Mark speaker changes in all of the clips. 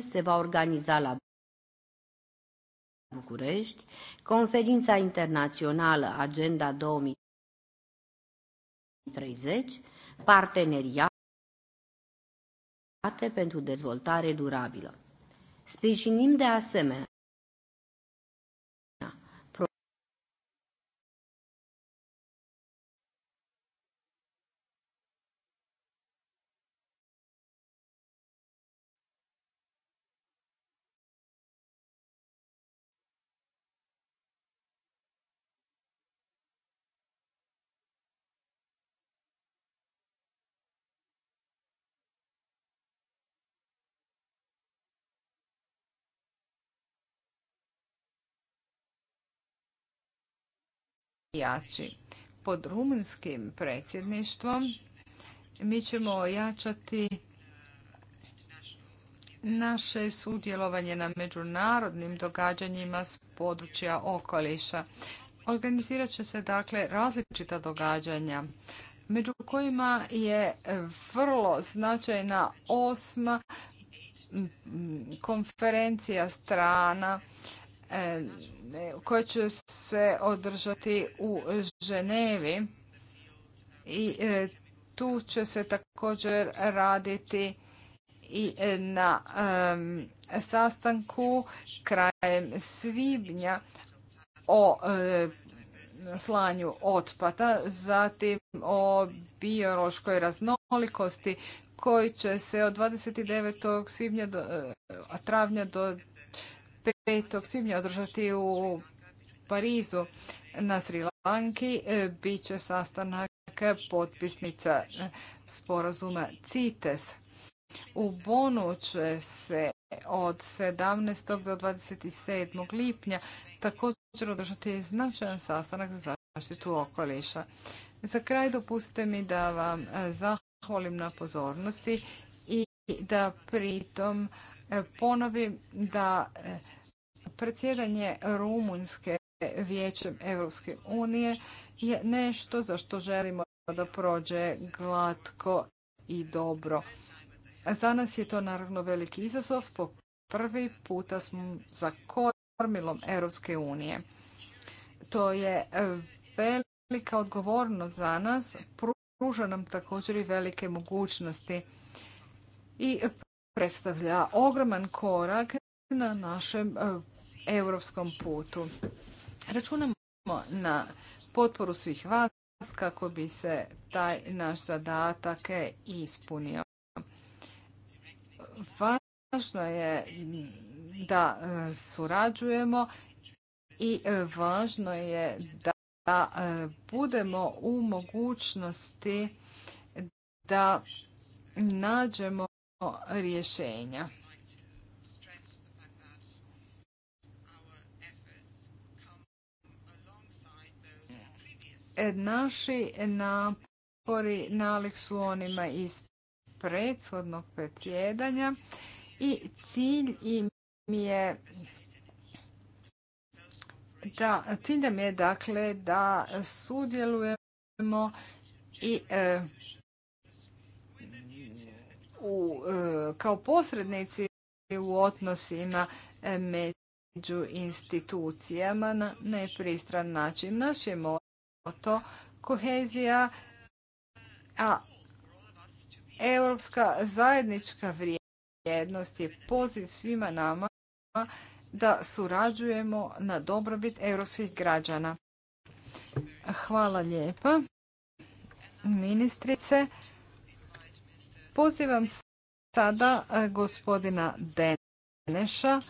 Speaker 1: se
Speaker 2: va organiza la București conferința internațională Agenda 2030 parteneriate pentru dezvoltare durabilă.
Speaker 1: Sprijinim de asemenea
Speaker 2: jači. Pod rumunskim predsjedništvom mi ćemo ojačati naše sudjelovanje na međunarodnim događanjima s područja okoliša. Organizirat će se dakle različita događanja, među kojima je vrlo značajna osma konferencija strana E, koje će se održati u Ženevi i e, tu će se također raditi i na e, sastanku krajem svibnja o slanju otpada, zatim o biološkoj raznolikosti koji će se od 29. svibnja do, travnja do 5. svibnja održati u Parizu na Sri Lanki. E, bit će sastanak potpisnica sporazuma CITES. U Bonu će se od 17. do 27. lipnja također održati značajan sastanak za zaštitu okoliša. Za kraj dopustite mi da vam e, zahvalim na pozornosti i da pritom E, ponovim da e, predsjedanje Rumunjske vijećem Europske unije je nešto za što želimo da prođe glatko i dobro. Za nas je to naravno veliki izazov. Po prvi puta smo za kormilom Europske unije. To je e, velika odgovornost za nas. Pruža nam također i velike mogućnosti. I predstavlja ogroman korak na našem e, europskom putu. Računamo na potporu svih vas kako bi se taj naš zadatak e ispunio. Važno je da e, surađujemo i važno je da budemo u mogućnosti da nađemo rješenja. E, naši napori nalik su onima iz prethodnog predsjedanja i cilj im je da, cilj nam je dakle da sudjelujemo i e, E, kao posrednici u odnosima e, među institucijama na nepristran način. Naš je moto kohezija, a europska zajednička vrijednost je poziv svima nama da surađujemo na dobrobit europskih građana. Hvala lijepa, ministrice. Pozivam sada e, gospodina Deneša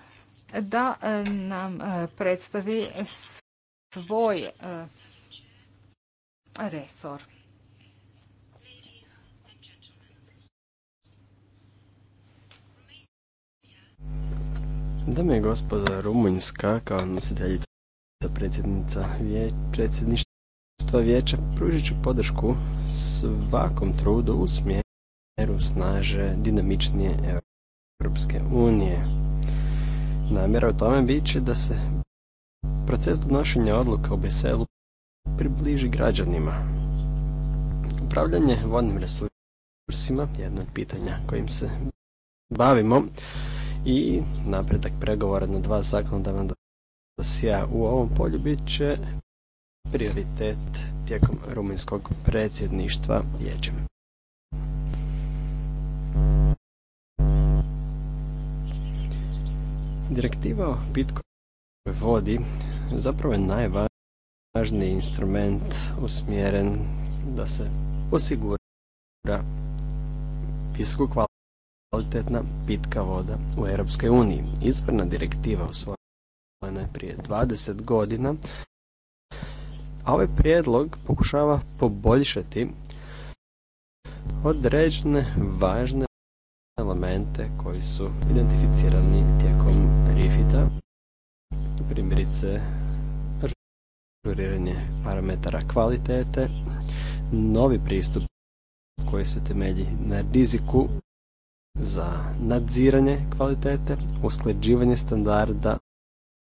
Speaker 2: da e, nam e, predstavi svoj resor.
Speaker 3: Dame i gospodo Rumunjska kao nositeljica predsjednica predsjedništva vijeća pružit ću podršku svakom trudu u smjeru smjeru snaže dinamičnije Europske unije. Namjera u tome bit će da se proces donošenja odluka u Briselu približi građanima. Upravljanje vodnim resursima je jedno od pitanja kojim se bavimo i napredak pregovora na dva zakonodavna dosija u ovom polju bit će prioritet tijekom rumunjskog predsjedništva vijećem. Direktiva o pitkoj vodi zapravo je najvažniji instrument usmjeren da se osigura visoko kvalitetna pitka voda u Europskoj uniji. Izvorna direktiva usvojena je prije 20 godina, a ovaj prijedlog pokušava poboljšati određene važne elemente koji su identificirani tijekom ispita, primjerice ažuriranje parametara kvalitete, novi pristup koji se temelji na riziku za nadziranje kvalitete, usklađivanje standarda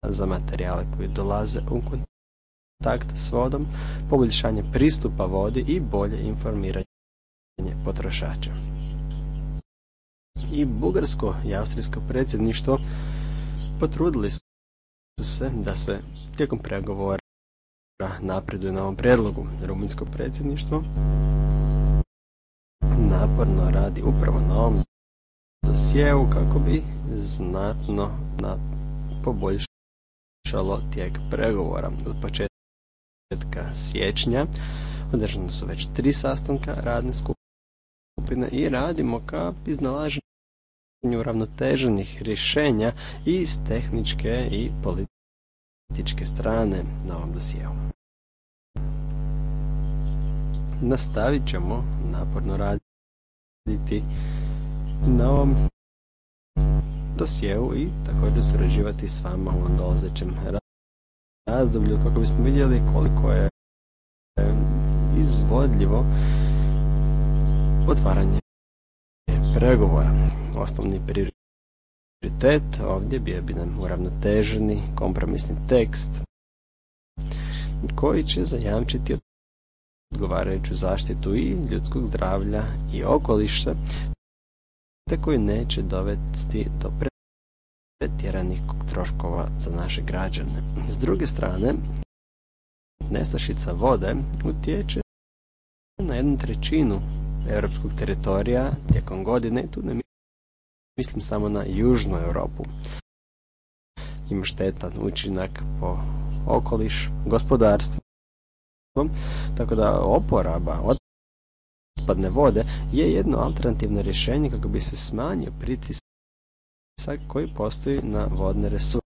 Speaker 3: za materijale koji dolaze u kontakt s vodom, poboljšanje pristupa vodi i bolje informiranje potrošača. I bugarsko i austrijsko predsjedništvo potrudili su se da se tijekom pregovora napreduje na ovom prijedlogu. Rumunjsko predsjedništvo naporno radi upravo na ovom dosjeu kako bi znatno poboljšalo tijek pregovora. Od početka siječnja održano su već tri sastanka radne skupine i radimo ka iznalaženju uravnoteženih rješenja iz tehničke i političke strane na ovom dosijelu. Nastavit ćemo naporno raditi na ovom dosjeu i također surađivati s vama u dolazećem razdoblju kako bismo vidjeli koliko je izvodljivo otvaranje pregovora. Osnovni prioritet ovdje bio bi nam uravnoteženi kompromisni tekst koji će zajamčiti odgovarajuću zaštitu i ljudskog zdravlja i okoliša te koji neće dovesti do pretjeranih troškova za naše građane. S druge strane, nestašica vode utječe na jednu trećinu europskog teritorija tijekom godine, tu ne mislim samo na južnu Europu, ima štetan učinak po okoliš, gospodarstvo, tako da oporaba otpadne vode je jedno alternativno rješenje kako bi se smanjio pritisak koji postoji na vodne resurse.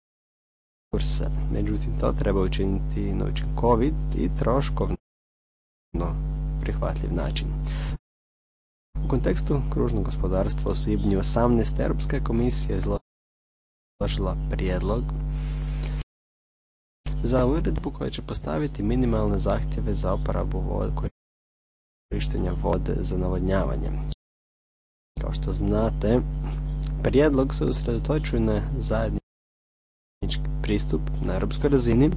Speaker 3: Međutim, to treba učiniti na učinkovit i troškovno prihvatljiv način. U kontekstu kružnog gospodarstva u svibnju '18. Europska komisija je izložila prijedlog za uredbu koja će postaviti minimalne zahtjeve za oporabu korištenja vode za navodnjavanje. Kao što znate, prijedlog se usredotočuje na zajednički pristup na europskoj razini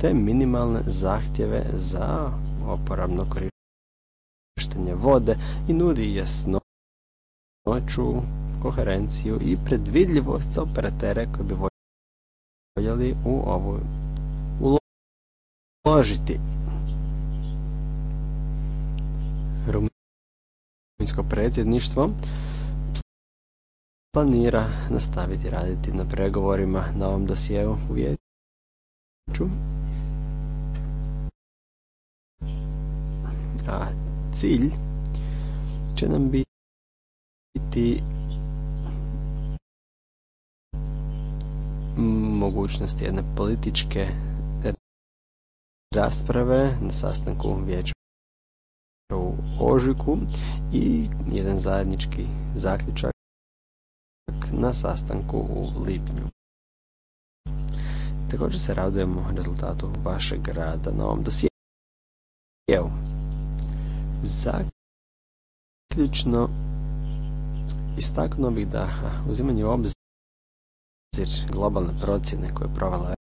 Speaker 3: te minimalne zahtjeve za oporabno korištenje korištenje vode i nudi jasnoću, koherenciju i predvidljivost za operatere koje bi voljeli u ovu uložiti. Rumunjsko predsjedništvo planira nastaviti raditi na pregovorima na ovom dosjeu u vijeću cilj će nam biti mogućnost jedne političke rasprave na sastanku vijeća u Ožiku i jedan zajednički zaključak na sastanku u Lipnju. Također se radujemo rezultatu vašeg rada na ovom dosijelu. Zaključno, istaknuo bih da uzimanje u obzir
Speaker 1: globalne procjene koje je provela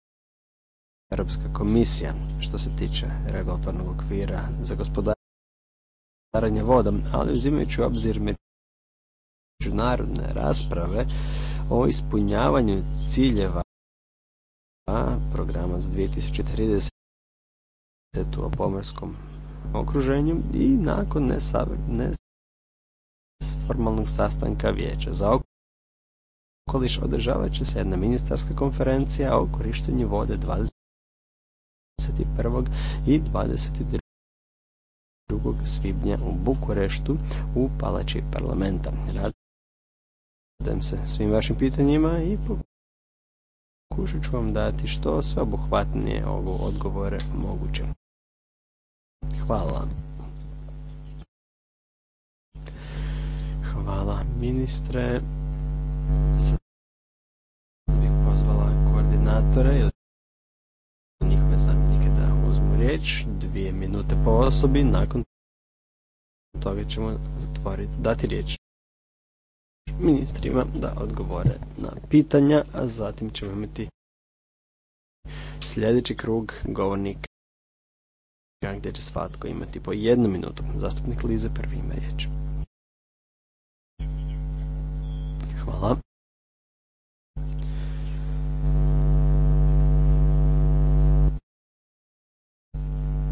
Speaker 1: Europska
Speaker 3: komisija što se tiče regulatornog okvira za gospodarenje vodom, ali uzimajući u obzir međunarodne rasprave o ispunjavanju ciljeva programa za 2030. o pomorskom okruženju i nakon formalnog sastanka Vijeća za okoliš održavat će se jedna ministarska konferencija o korištenju vode 21. i 22. svibnja u Bukureštu u palači parlamenta. Radim se svim vašim pitanjima i pokušat ću vam dati što sveobuhvatnije
Speaker 1: odgovore moguće. Hvala. Hvala ministre. Sad pozvala koordinatore i njihove zamjenike
Speaker 3: da uzmu riječ. Dvije minute po osobi, nakon toga ćemo dati riječ ministrima da odgovore na pitanja, a zatim ćemo imati sljedeći krug govornika gdje će svatko imati po jednu minutu. Zastupnik Lize prvi
Speaker 1: ima riječ. Hvala.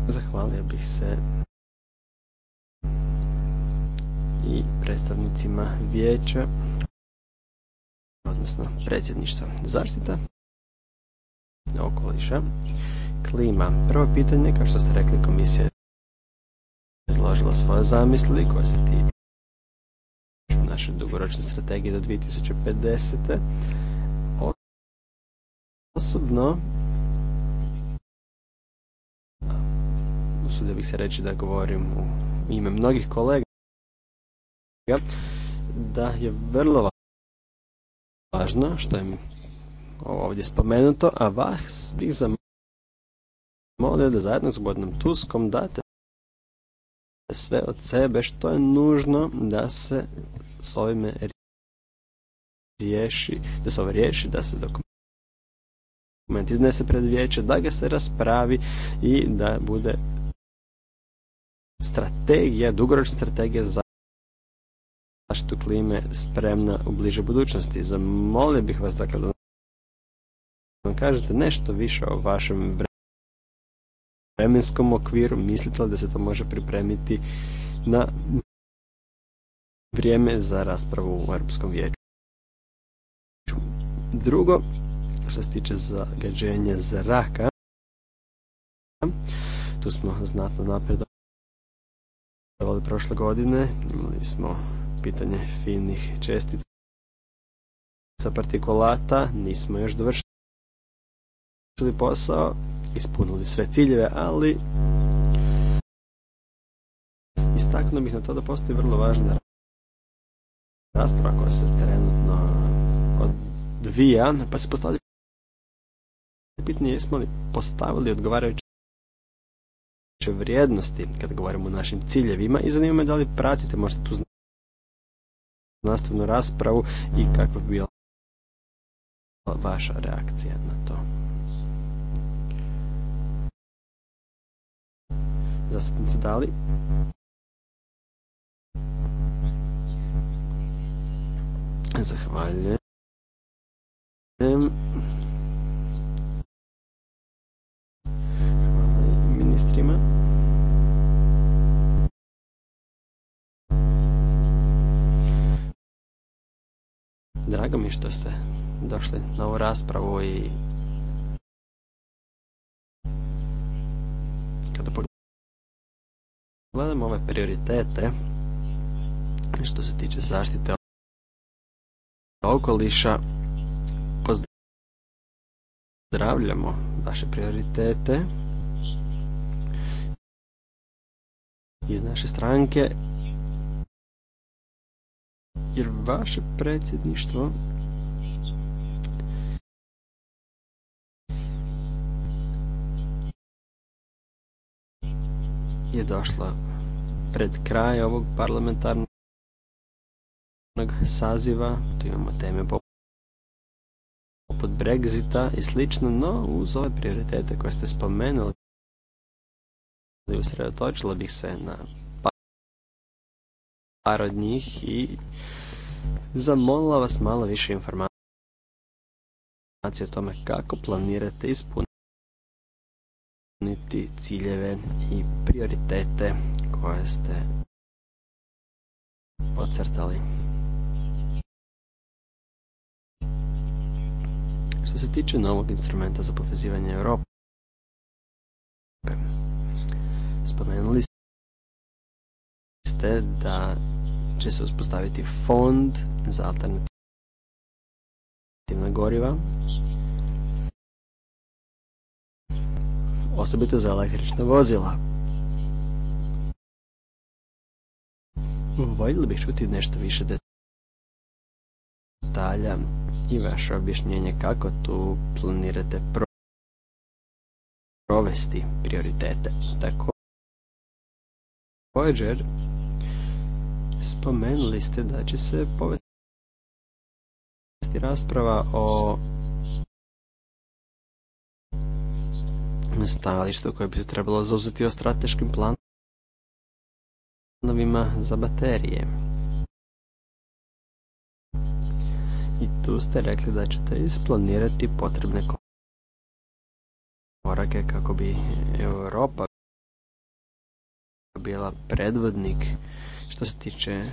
Speaker 1: Zahvalio bih se i predstavnicima vijeća, odnosno
Speaker 3: predsjedništva zaštita okoliša klima. Prvo pitanje, kao što ste rekli, komisija je izložila svoje zamisli koje se tiču naše dugoročne strategije do 2050. Osobno, usudio bih se reći da govorim u ime mnogih kolega,
Speaker 1: da je vrlo
Speaker 3: važno što je ovdje spomenuto, a vas bih molio da zajedno s gospodinom Tuskom date sve od sebe što je nužno da se s ovime riješi, da se ovo riješi, da se dokument iznese pred vijeće, da ga se raspravi i da bude strategija, dugoročna strategija za zaštitu klime spremna u bliže budućnosti. Zamolio bih vas dakle da kažete nešto više o vašem vremenskom okviru, mislite li da se to može pripremiti na
Speaker 1: vrijeme za raspravu u Europskom vijeću? Drugo, što se tiče zagađenja zraka, tu smo znatno napredovali prošle godine,
Speaker 3: imali smo pitanje finih čestica partikulata, nismo još dovršili posao, ispunili sve ciljeve, ali istaknuo bih na to da
Speaker 1: postoji vrlo važna rasprava koja se trenutno
Speaker 3: odvija, pa se postavlja pitanje smo li postavili odgovarajuće vrijednosti kad govorimo o našim ciljevima i zanima me da li pratite možda tu nastavnu raspravu i kakva bi bila
Speaker 1: vaša reakcija na to. Zastupnica Dali. Zahvaljujem. ministrima. Drago mi što ste došli na ovu raspravu i kada gledamo ove prioritete što se tiče zaštite okoliša pozdravljamo vaše prioritete iz naše stranke jer vaše predsjedništvo je došla pred kraj ovog parlamentarnog saziva. Tu imamo teme poput Brexita i slično, no uz ove prioritete koje ste spomenuli usredotočila bih se na par od njih i zamolila vas malo više informacija o tome kako planirate ispuniti ispuniti ciljeve i prioritete koje ste ocrtali. Što se tiče novog instrumenta za povezivanje Europe, spomenuli ste da će se uspostaviti fond za alternativna goriva osobito za električna vozila. Voljeli bih čuti nešto više detalja i vaše objašnjenje kako tu planirate provesti prioritete. Također, spomenuli ste da će se povesti rasprava
Speaker 3: o stajalištu koje bi se trebalo zauzeti o strateškim planovima za baterije. I tu ste rekli
Speaker 1: da ćete isplanirati potrebne korake kako bi Europa bila predvodnik što se tiče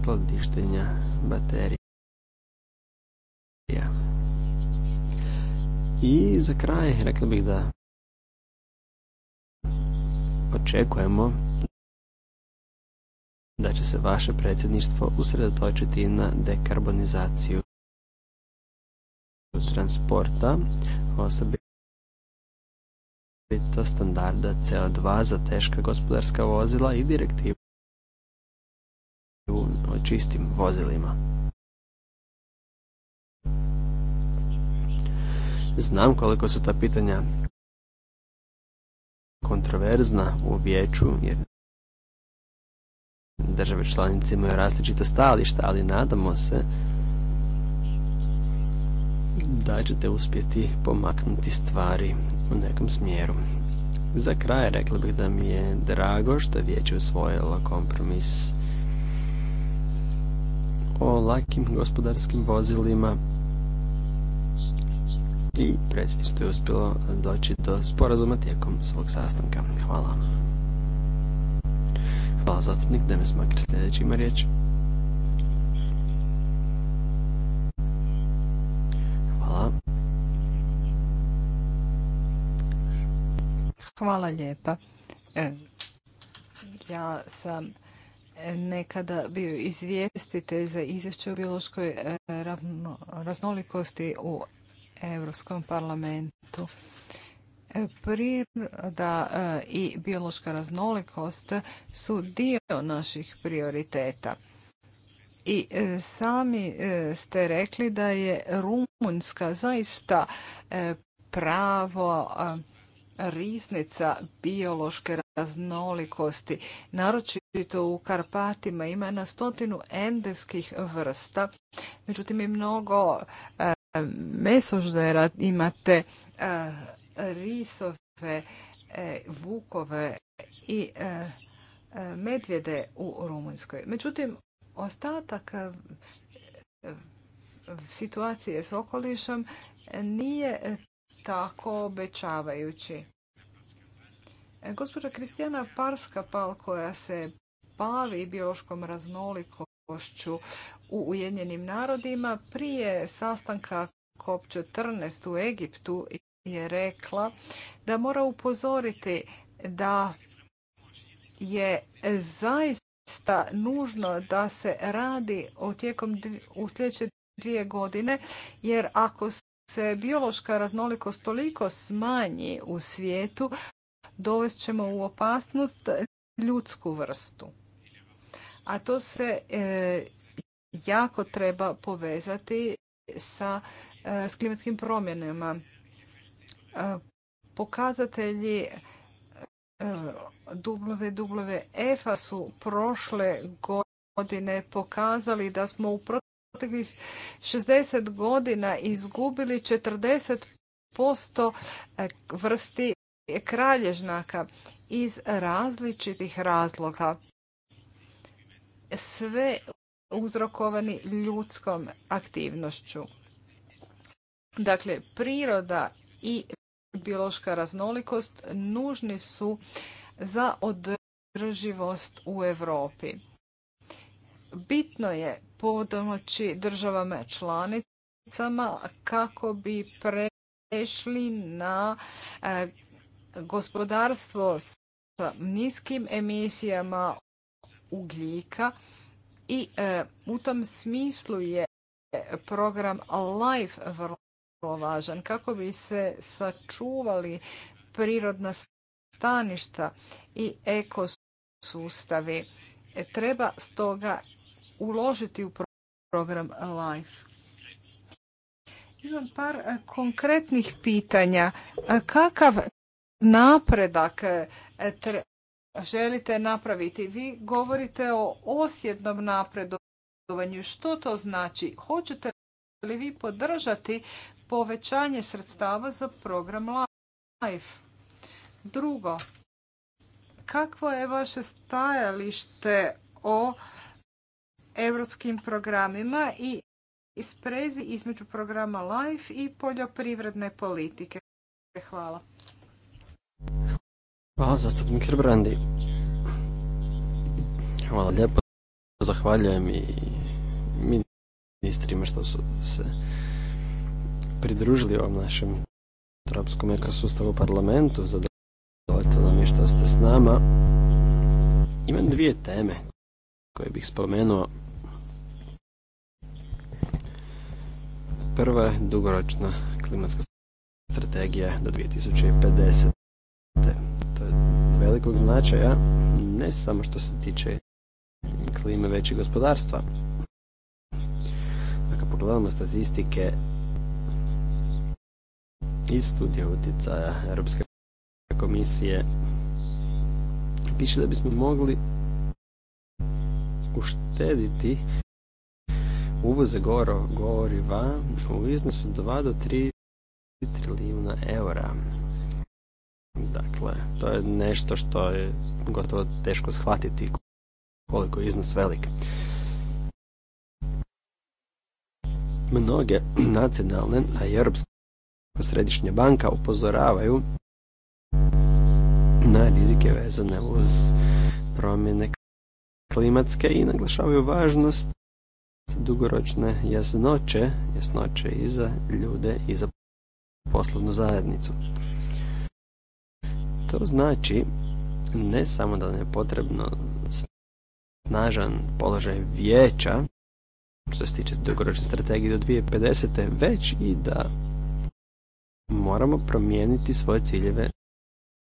Speaker 1: skladištenja baterije. I za kraj rekla bih da očekujemo da će se vaše predsjedništvo usredotočiti na dekarbonizaciju transporta, osobito standarda CO2 za teška gospodarska vozila i direktivu o čistim vozilima. Znam koliko su ta pitanja kontroverzna u vijeću,
Speaker 3: jer države članice imaju različita stajališta, ali nadamo se da ćete uspjeti pomaknuti stvari u nekom smjeru. Za kraj rekla bih da mi je drago što je vijeće usvojilo kompromis o lakim gospodarskim vozilima, i predsjedništvo je uspjelo doći do sporazuma tijekom svog sastanka. Hvala. Hvala zastupnik Demes Makar. Sljedeći ima riječ. Hvala.
Speaker 2: Hvala lijepa. E, ja sam nekada bio izvijestitelj za izvješće o biološkoj e, raznolikosti u Europskom parlamentu. E, da e, i biološka raznolikost su dio naših prioriteta. I e, sami ste rekli da je Rumunjska zaista pravo riznica biološke raznolikosti. Naročito u Karpatima ima na stotinu endemskih vrsta, međutim i mnogo mesoždera, imate e, risove, e, vukove i e, medvjede u Rumunjskoj. Međutim, ostatak situacije s okolišom nije tako obećavajući. Gospođa Kristijana pal koja se bavi biološkom raznolikošću u Ujedinjenim narodima prije sastanka COP14 u Egiptu je rekla da mora upozoriti da je zaista nužno da se radi o tijekom u sljedeće dvije godine, jer ako se biološka raznolikost toliko smanji u svijetu, dovest ćemo u opasnost ljudsku vrstu. A to se e, jako treba povezati sa e, s klimatskim promjenama. E, pokazatelji e, WWF-a su prošle godine pokazali da smo u proteklih 60 godina izgubili 40% vrsti kralježnaka iz različitih razloga. Sve uzrokovani ljudskom aktivnošću. Dakle, priroda i biološka raznolikost nužni su za održivost u Europi. Bitno je podomoći državama članicama kako bi prešli na e, gospodarstvo sa niskim emisijama ugljika i e, u tom smislu je program LIFE vrlo važan kako bi se sačuvali prirodna staništa i ekosustavi. E, treba stoga uložiti u program LIFE. Imam par e, konkretnih pitanja. Kakav napredak želite napraviti. Vi govorite o osjednom napredovanju. Što to znači? Hoćete li vi podržati povećanje sredstava za program LIFE? Drugo, kakvo je vaše stajalište o europskim programima i sprezi između programa LIFE i poljoprivredne politike? Hvala.
Speaker 3: Hvala zastupnik Herbrandi. Hvala lijepo. Zahvaljujem i ministrima što su se pridružili ovom našem trapskom ekosustavu u parlamentu. Zadovoljstvo nam je što ste s nama. Imam dvije teme koje bih spomenuo. Prva je dugoročna klimatska strategija do 2050 velikog značaja ne samo što se tiče klime već i gospodarstva. Ako dakle, pogledamo statistike iz studija utjecaja Europske komisije piše da bismo mogli uštediti uvoze goriva u iznosu 2 do 3 trilijuna eura. Dakle, to je nešto što je gotovo teško shvatiti koliko je iznos velik. Mnoge nacionalne, a i Europska središnja banka upozoravaju na rizike vezane uz promjene klimatske i naglašavaju važnost dugoročne jasnoće, jasnoće i za ljude i za poslovnu zajednicu. To znači ne samo da nam je potrebno snažan položaj vijeća što se tiče dugoročne strategije do 2050. već i da moramo promijeniti svoje ciljeve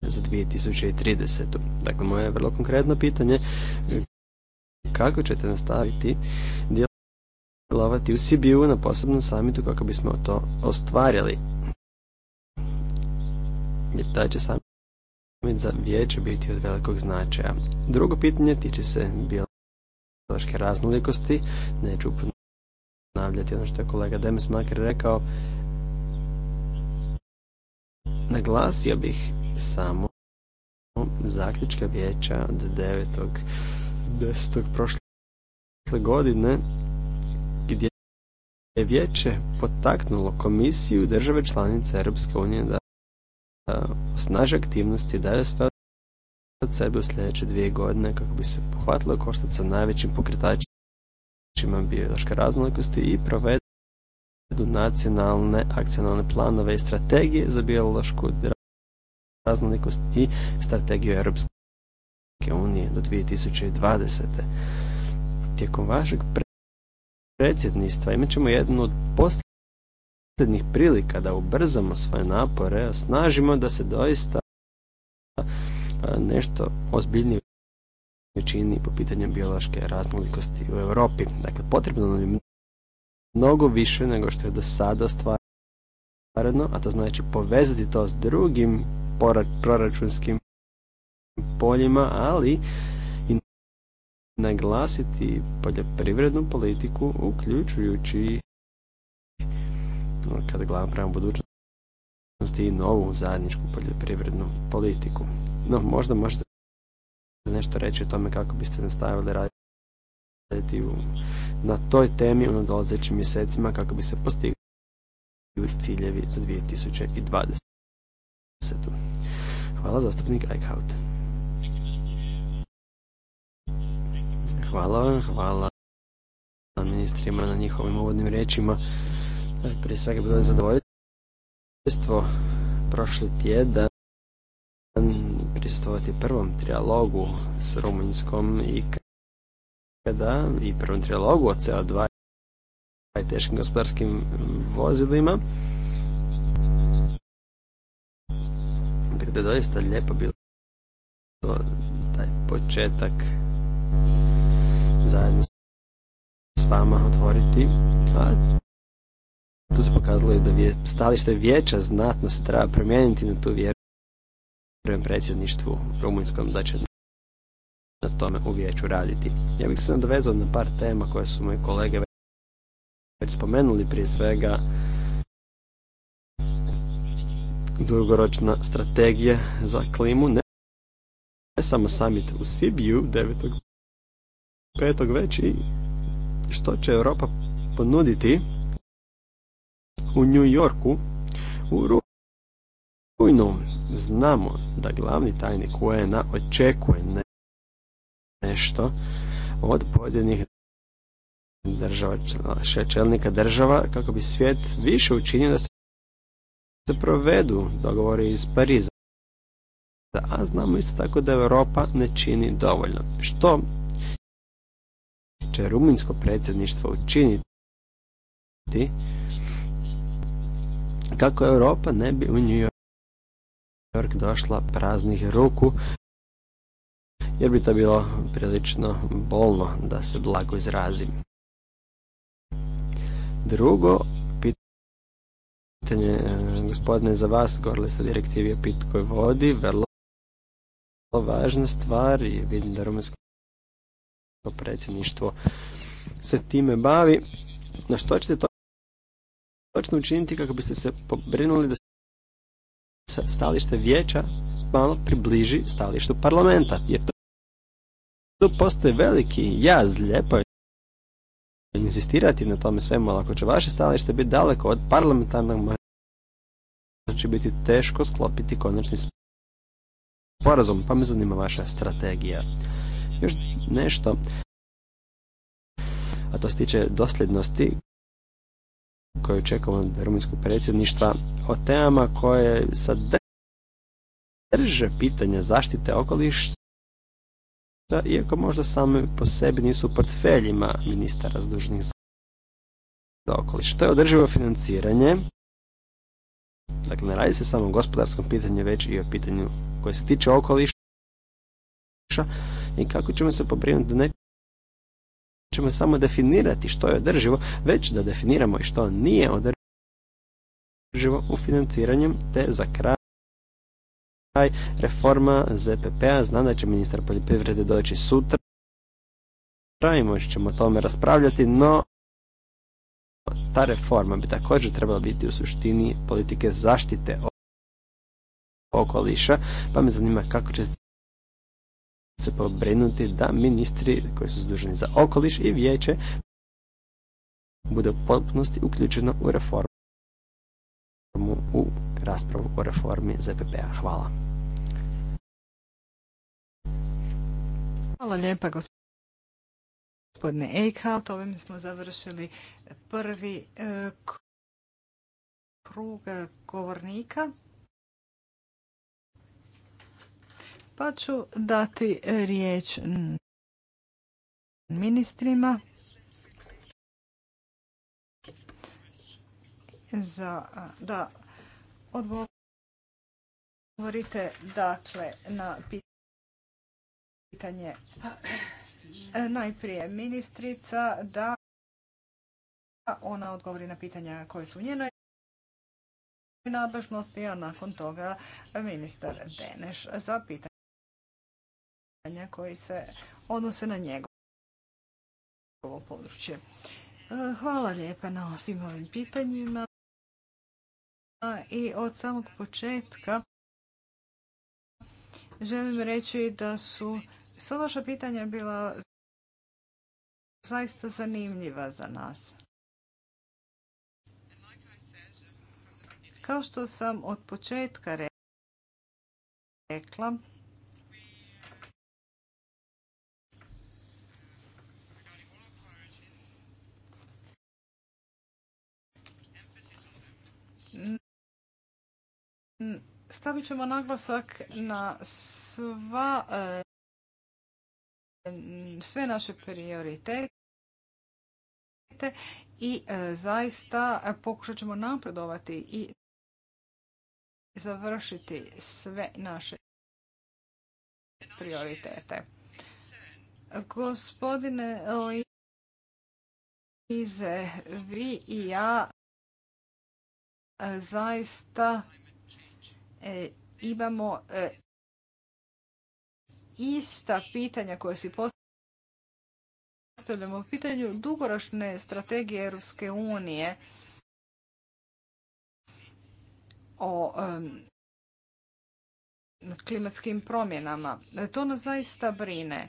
Speaker 3: za 2030. Dakle, moje vrlo konkretno pitanje kako ćete nastaviti djelovati u CBU na posebnom samitu kako bismo to ostvarili. Jer taj će za vijeće biti od velikog značaja. Drugo pitanje tiče se biološke raznolikosti. Neću ponavljati ono što je kolega Demis makar rekao. Naglasio bih samo zaključka vijeća od 9. 10. prošle godine gdje je vijeće potaknulo komisiju države članice Europske unije da osnaži aktivnosti da je sve od sebe u sljedeće dvije godine kako bi se pohvatilo u koštac sa najvećim pokretačima biološke raznolikosti i provedu nacionalne akcionalne planove i strategije za biološku raznolikost i strategiju Europske unije do 2020. Tijekom vašeg predsjedništva imat ćemo jednu od posljednjih prilika da ubrzamo svoje napore, osnažimo da se doista nešto ozbiljnije čini po pitanju biološke raznolikosti u Europi. Dakle, potrebno nam je mnogo više nego što je do sada stvarno, a to znači povezati to s drugim proračunskim poljima, ali i naglasiti poljoprivrednu politiku uključujući kada gledam prema budućnosti i novu zajedničku poljoprivrednu politiku. No, možda možete nešto reći o tome kako biste nastavili raditi na toj temi u nadolazećim mjesecima kako bi se postigli ciljevi za 2020. Hvala zastupnik Eichhout. Hvala, hvala ministrima na njihovim uvodnim riječima. Dakle, prije svega bilo je zadovoljstvo prošli tjedan pristovati prvom trijalogu s Rumunjskom i kada i prvom trijalogu o CO2 i teškim gospodarskim vozilima. Tako dakle, da je doista lijepo bilo taj početak zajedno s vama otvoriti. Tu se pokazalo i da stalište vijeća znatno se treba promijeniti na tu vjeru prvom predsjedništvu rumunjskom da će na tome u vijeću raditi. Ja bih se nadovezao na par tema koje su moji kolege već spomenuli prije svega dugoročna strategija za klimu, ne samo summit u Sibiju 9.5. već i što će Europa ponuditi u New Yorku u rujnu znamo da glavni tajnik UN-a očekuje nešto od pojedinih država, čelnika država kako bi svijet više učinio da se provedu dogovori iz Pariza. A znamo isto tako da Europa ne čini dovoljno. Što će rumunjsko predsjedništvo učiniti kako Europa ne bi u New York došla praznih ruku jer bi to bilo prilično bolno da se blago izrazim. Drugo, pitanje e, gospodine za vas, govorili ste o direktivi o pitkoj vodi, vrlo važna stvar i vidim da rumensko predsjedništvo se time bavi. Na što ćete to točno učiniti kako biste se pobrinuli da se stalište vijeća malo približi stalištu parlamenta? Jer tu postoji veliki jaz, lijepo je inzistirati na tome svemu, ali ako će vaše stalište biti daleko od parlamentarnog će biti teško sklopiti konačni sporazum, pa me zanima vaša strategija. Još nešto, a to se tiče dosljednosti koju čekamo od rumunjskog predsjedništva o temama koje drže pitanja zaštite okoliša, iako možda same po sebi nisu u portfeljima ministara zdužnih za okoliš. To je održivo financiranje, dakle ne radi se samo o gospodarskom pitanju, već i o pitanju koje se tiče okoliša i kako ćemo se pobrinuti da neće ćemo samo definirati što je održivo, već da definiramo i što nije održivo u financiranjem, te za kraj reforma ZPP-a. zna da će ministar poljoprivrede doći sutra i ćemo o tome raspravljati, no ta reforma bi također trebala biti u suštini politike zaštite
Speaker 1: okoliša, pa me zanima kako ćete se
Speaker 3: pobrinuti da ministri koji su zaduženi za okoliš i vijeće bude u potpunosti uključeno u reformu u raspravu
Speaker 1: o reformi ZPP-a. Hvala.
Speaker 2: Hvala lijepa gospodine Eichhout. Ovim smo završili prvi eh, krug eh, govornika. Pa ću dati riječ ministrima
Speaker 1: za da odgovorite dakle na
Speaker 2: pitanje najprije ministrica da ona odgovori na pitanja koje su u njenoj nadležnosti, a nakon toga ministar Deneš zapita koji se odnose na njegovo područje. E, hvala lijepa na svim ovim pitanjima i od samog početka želim reći da su sva vaša pitanja bila zaista zanimljiva za nas. Kao što sam od početka rekla,
Speaker 1: Stavit ćemo naglasak na sva, e,
Speaker 2: sve naše prioritete i e, zaista pokušat ćemo napredovati i završiti sve naše prioritete. Gospodine Lize, vi i ja E, zaista e, imamo e, ista pitanja koja si postavljamo u pitanju dugoročne strategije Europske unije o klimatskim promjenama. To nas zaista brine.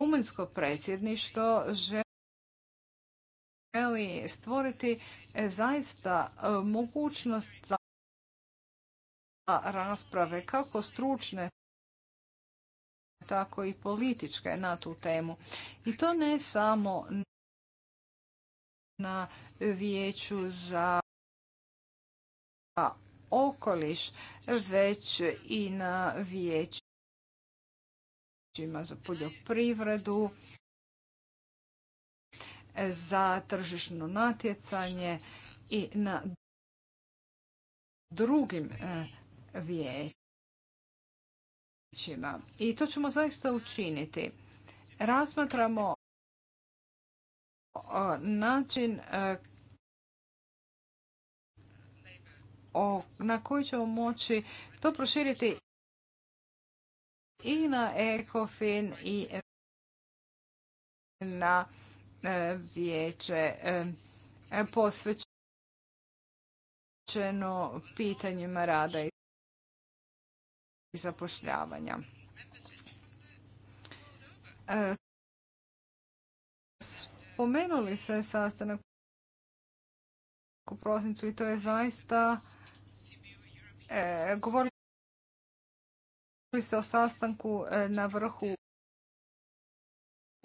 Speaker 2: Rumunjsko predsjedništvo želi želi stvoriti e, zaista e, mogućnost za rasprave kako stručne tako i političke na tu temu. I to ne samo na vijeću za okoliš, već i na vijećima za poljoprivredu, za tržišno natjecanje i na drugim e, vijećima. I to ćemo zaista učiniti. Razmatramo e, način e, na koji ćemo moći to proširiti i na ECOFIN i na E, vijeće e, posvećeno pitanjima rada i zapošljavanja. E, spomenuli se sastanak u prosincu i to je zaista e, govorili ste o sastanku na vrhu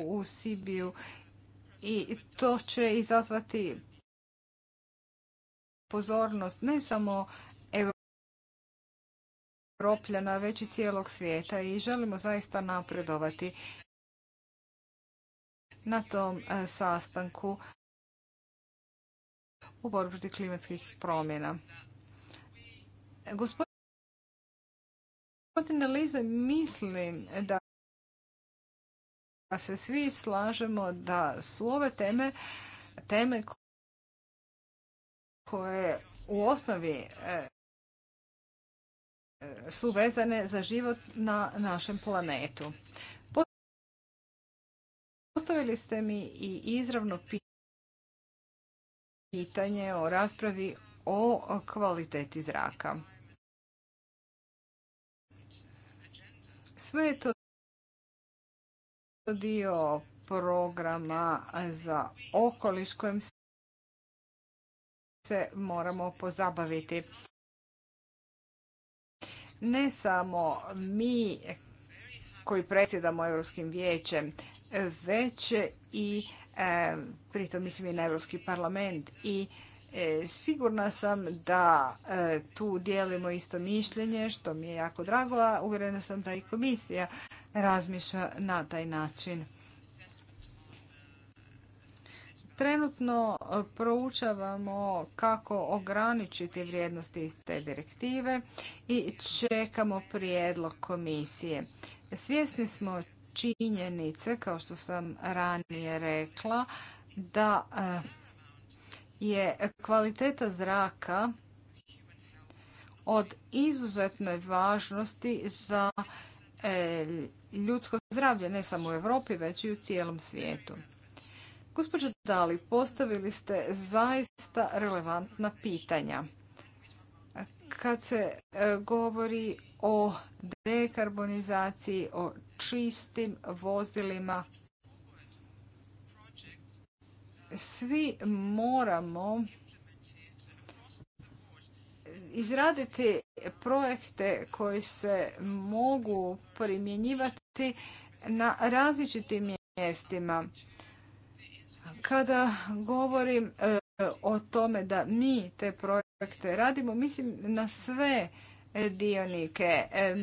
Speaker 2: u Sibiju i to će izazvati pozornost ne samo Europljana, već i cijelog svijeta i želimo zaista napredovati. Na tom e, sastanku u borbi protiv klimatskih promjena. Gospodine Lize, mislim da se svi slažemo da su ove teme teme koje u osnovi e, e, su vezane za život na našem planetu. Postavili ste mi i izravno pitanje o raspravi o kvaliteti zraka. Sve je to dio programa za okoliš kojim se moramo pozabaviti. Ne samo mi koji predsjedamo Europskim vijećem, već i e, pritom mislim i na Europski parlament i e, sigurna sam da e, tu dijelimo isto mišljenje što mi je jako drago, a uvjerena sam da i komisija razmišlja na taj način. Trenutno e, proučavamo kako ograničiti vrijednosti iz te direktive i čekamo prijedlog komisije. Svjesni smo činjenice, kao što sam ranije rekla, da e, je kvaliteta zraka od izuzetne važnosti za e, ljudsko zdravlje ne samo u Europi već i u cijelom svijetu. Gospođo Dali, postavili ste zaista relevantna pitanja. Kad se e, govori o dekarbonizaciji, o čistim vozilima, svi moramo izraditi projekte koji se mogu primjenjivati na različitim mjestima. Kada govorim e, o tome da mi te projekte radimo, mislim na sve dionike, e,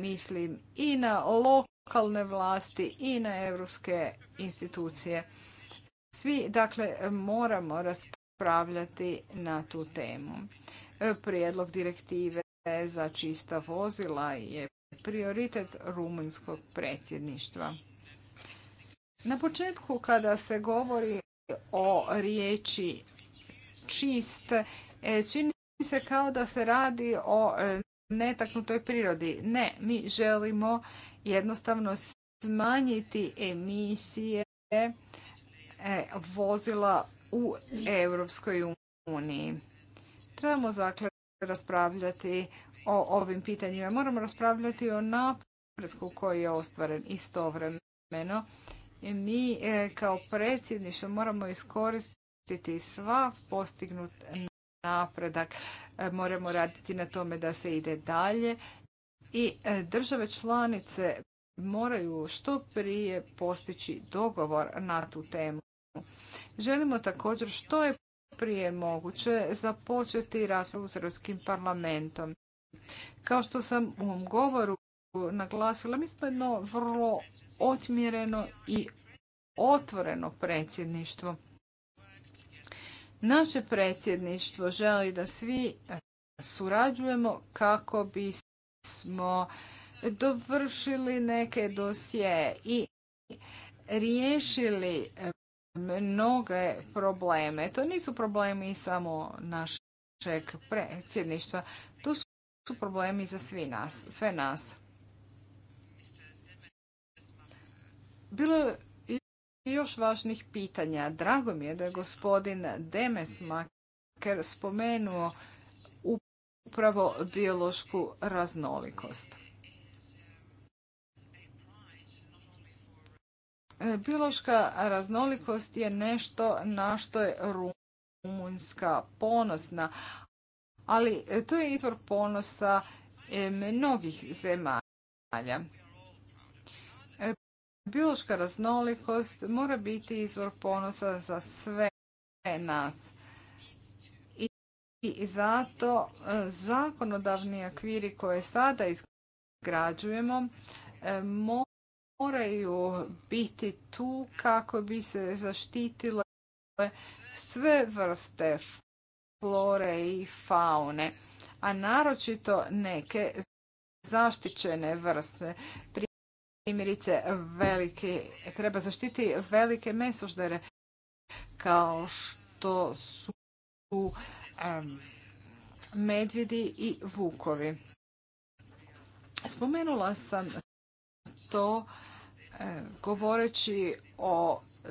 Speaker 2: mislim i na lokalne vlasti i na europske institucije. Svi dakle moramo raspravljati na tu temu. Prijedlog direktive za čista vozila je prioritet rumunjskog predsjedništva. Na početku kada se govori o riječi čist, e, čini se kao da se radi o e, netaknutoj prirodi. Ne, mi želimo jednostavno smanjiti emisije e, vozila u Europskoj uniji. Trebamo dakle, raspravljati o ovim pitanjima. Moramo raspravljati o napredku koji je ostvaren istovremeno. I mi e, kao predsjedništvo moramo iskoristiti sva postignut napredak. E, moramo raditi na tome da se ide dalje i e, države članice moraju što prije postići dogovor na tu temu. Želimo također što je prije moguće započeti raspravu s Europskim parlamentom. Kao što sam u ovom govoru naglasila, mi smo jedno vrlo otmjereno i otvoreno predsjedništvo. Naše predsjedništvo želi da svi surađujemo kako bismo dovršili neke dosje i riješili mnoge probleme. To nisu problemi samo našeg predsjedništva, to su problemi za svi nas, sve nas. Bilo je još važnih pitanja. Drago mi je da je gospodin Demes spomenuo upravo biološku raznolikost. E, biološka raznolikost je nešto na što je Rumunjska ponosna, ali to je izvor ponosa e, mnogih zemalja. E, biološka raznolikost mora biti izvor ponosa za sve nas. I zato zakonodavni akviri koje sada izgrađujemo moraju biti tu kako bi se zaštitile sve vrste flore i faune, a naročito neke zaštićene vrste. Primjerice, treba zaštiti velike mesoždere kao što su medvidi medvjedi i vukovi. Spomenula sam to e, govoreći o e,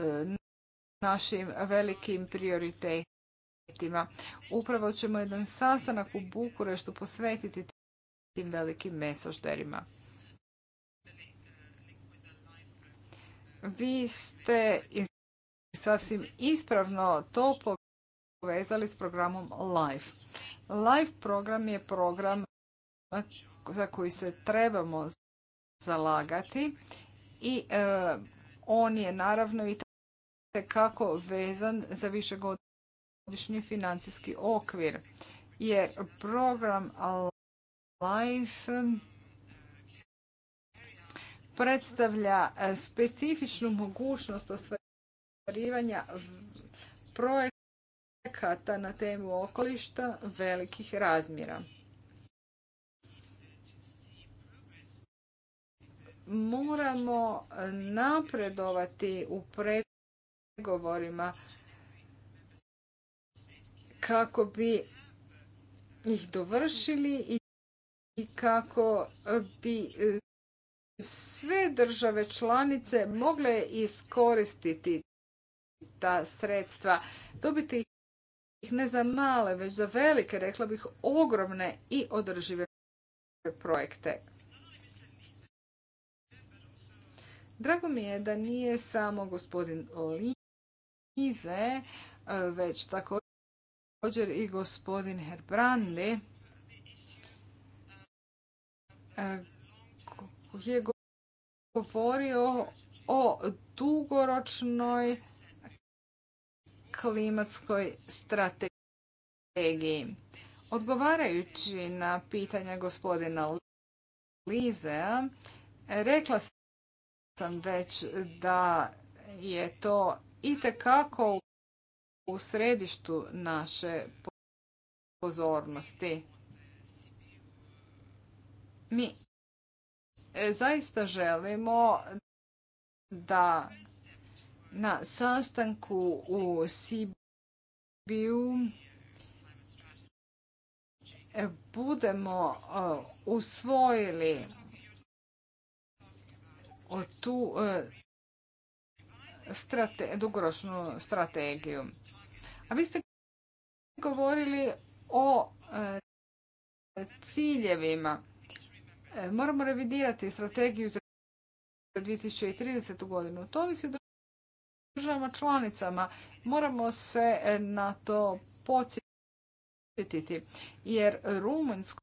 Speaker 2: našim velikim prioritetima. Upravo ćemo jedan sastanak u Bukureštu posvetiti tim velikim mesožderima. Vi ste sasvim ispravno to povezali s programom LIFE. LIFE program je program za koji se trebamo zalagati i e, on je naravno i kako vezan za višegodišnji financijski okvir. Jer program LIFE predstavlja e, specifičnu mogućnost ostvarivanja projekata na temu okolišta velikih razmjera. moramo napredovati u pregovorima kako bi ih dovršili i kako bi sve države članice mogle iskoristiti ta sredstva, dobiti ih ne za male, već za velike, rekla bih, ogromne i održive projekte. Drago mi je da nije samo gospodin Lize, e, već također i gospodin Herbrandi e, je govorio o dugoročnoj klimatskoj strategiji. Odgovarajući na pitanja gospodina Lizea, rekla sam već da je to itekako u središtu naše pozornosti. Mi e, zaista želimo da na sastanku u Sibiju e, budemo e, usvojili tu e, dugoročnu strategiju. A vi ste govorili o e, ciljevima. E, moramo revidirati strategiju za 2030. godinu. To ovisi državama članicama. Moramo se na to podsjetiti. Jer Rumunjsko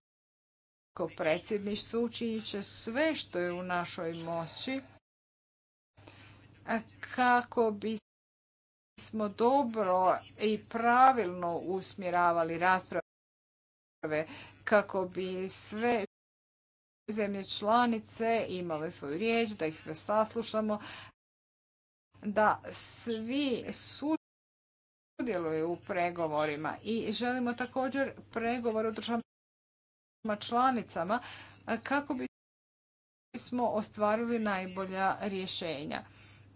Speaker 2: predsjedništvo učinit će sve što je u našoj moći kako bismo dobro i pravilno usmjeravali rasprave kako bi sve zemlje članice imale svoju riječ, da ih sve saslušamo, da svi sudjeluju u pregovorima i želimo također pregovor održati članicama kako bismo ostvarili najbolja rješenja.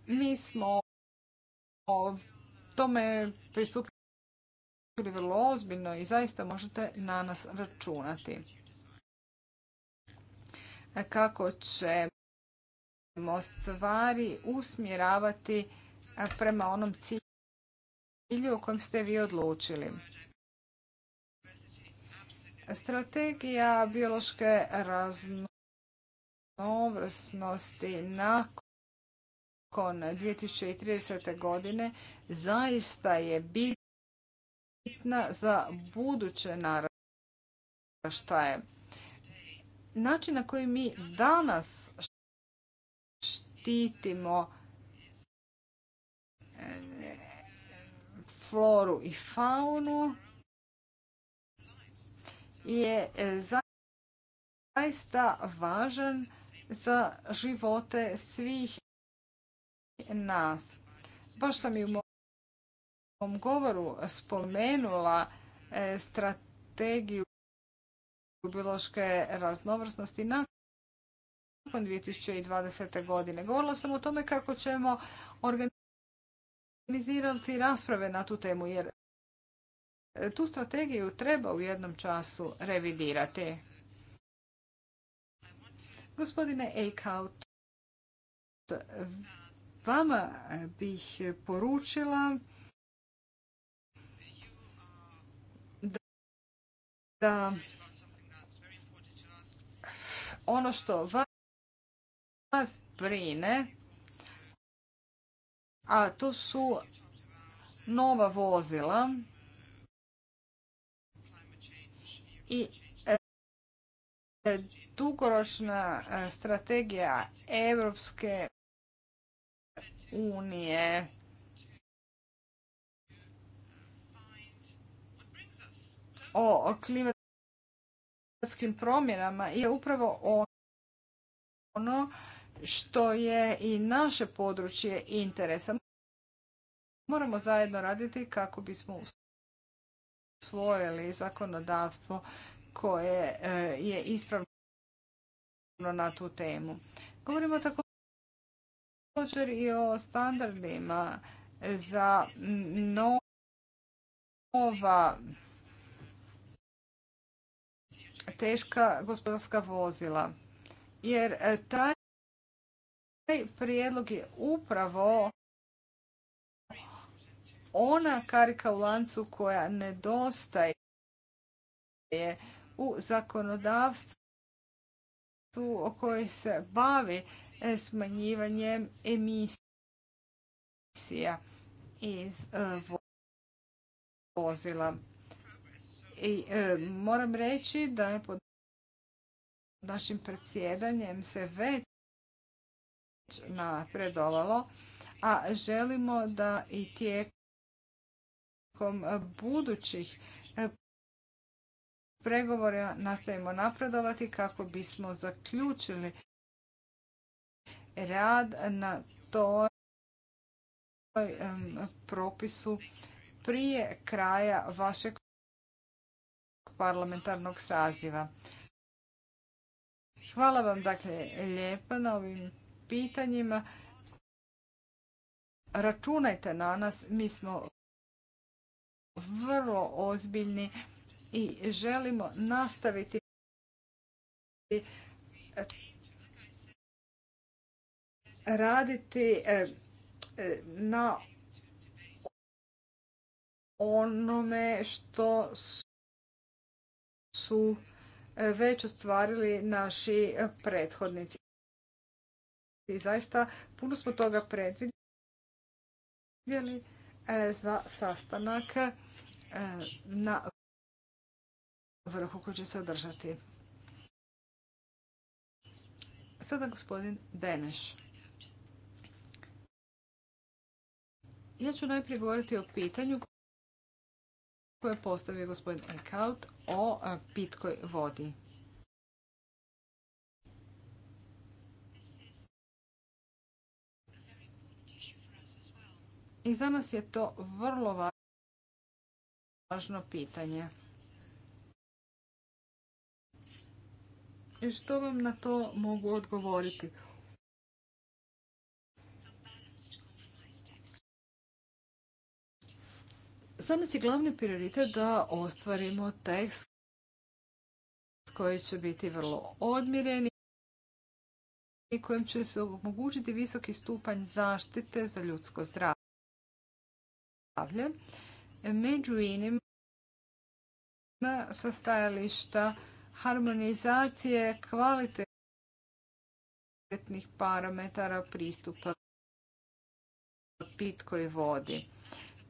Speaker 2: Mi smo tome pristupili vrlo ozbiljno i zaista možete na nas računati. Kako ćemo stvari usmjeravati prema onom cilju o kojem ste vi odlučili. Strategija biološke raznovrsnosti nakon 2030. godine zaista je bitna za buduće naraštaje. Način na koji mi danas štitimo e, e, floru i faunu je e, zaista važan za živote svih nas. Baš sam i u mom govoru spomenula e, strategiju biološke raznovrsnosti nakon 2020. godine. Govorila sam o tome kako ćemo organizirati rasprave na tu temu, jer E, tu strategiju treba u jednom času revidirati. Gospodine Eichhout, vama bih poručila
Speaker 1: da ono što
Speaker 2: vas brine, a to su nova vozila, i e, dugoročna e, strategija Europske unije o klimatskim promjenama je upravo ono što je i naše područje interesa. Moramo zajedno raditi kako bismo usvojili zakonodavstvo koje e, je ispravno na tu temu. Govorimo također i o standardima za nova teška gospodarska vozila. Jer e, taj prijedlog je upravo ona karika u lancu koja nedostaje u zakonodavstvu o kojoj se bavi e, smanjivanjem emisija iz e, vozila. I e, moram reći da je pod našim predsjedanjem se već napredovalo, a želimo da i tijek E, budućih e, pregovora nastavimo napredovati kako bismo zaključili rad na toj propisu prije kraja vašeg parlamentarnog saziva. Hvala vam dakle lijepa na ovim pitanjima. Računajte na nas, mi smo vrlo ozbiljni i želimo nastaviti raditi e, e, na onome što su već ostvarili naši prethodnici. I zaista puno smo toga predvidjeli za sastanak e, na vrhu koji će se održati. Sada gospodin Deneš. Ja ću najprije govoriti o pitanju koje postavio gospodin Eckhout o e, pitkoj vodi. I za nas je to vrlo važno pitanje.
Speaker 1: I što vam na to mogu odgovoriti?
Speaker 2: Za nas je glavni prioritet da ostvarimo tekst koji će biti vrlo odmireni i kojim će se omogućiti visoki stupanj zaštite za ljudsko zdravlje zdravlje. Među inima sa stajališta harmonizacije kvalitetnih parametara pristupa pitkoj vodi.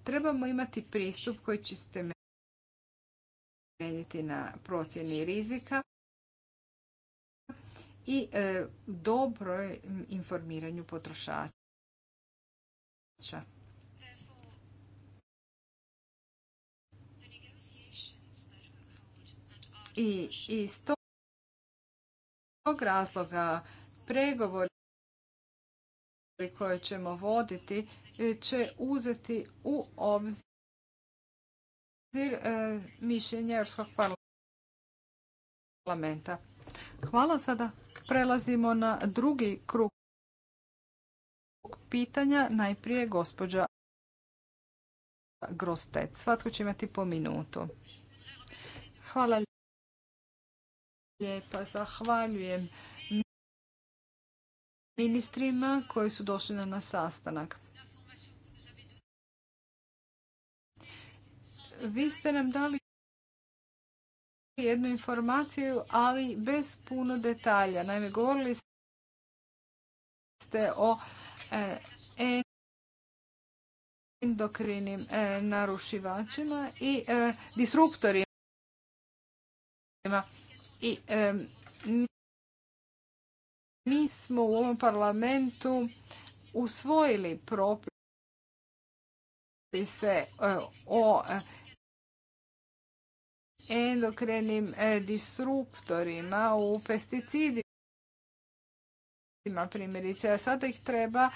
Speaker 2: Trebamo imati pristup koji će se temeljiti na procjeni rizika i e, dobroj informiranju potrošača. I iz tog razloga pregovori koje ćemo voditi e, će uzeti u obzir e, mišljenje Europskog parlamenta. Hvala sada. Prelazimo na drugi krug pitanja. Najprije gospođa Grostec. Svatko će imati po minutu. Hvala lijepa zahvaljujem ministrima koji su došli na sastanak. Vi ste nam dali jednu informaciju, ali bez puno detalja. Naime, govorili ste o e, endokrinim e, narušivačima i e, disruptorima i mi smo u ovom parlamentu usvojili propise e, o e, endokrenim e, disruptorima u pesticidima primjerice, a sada ih treba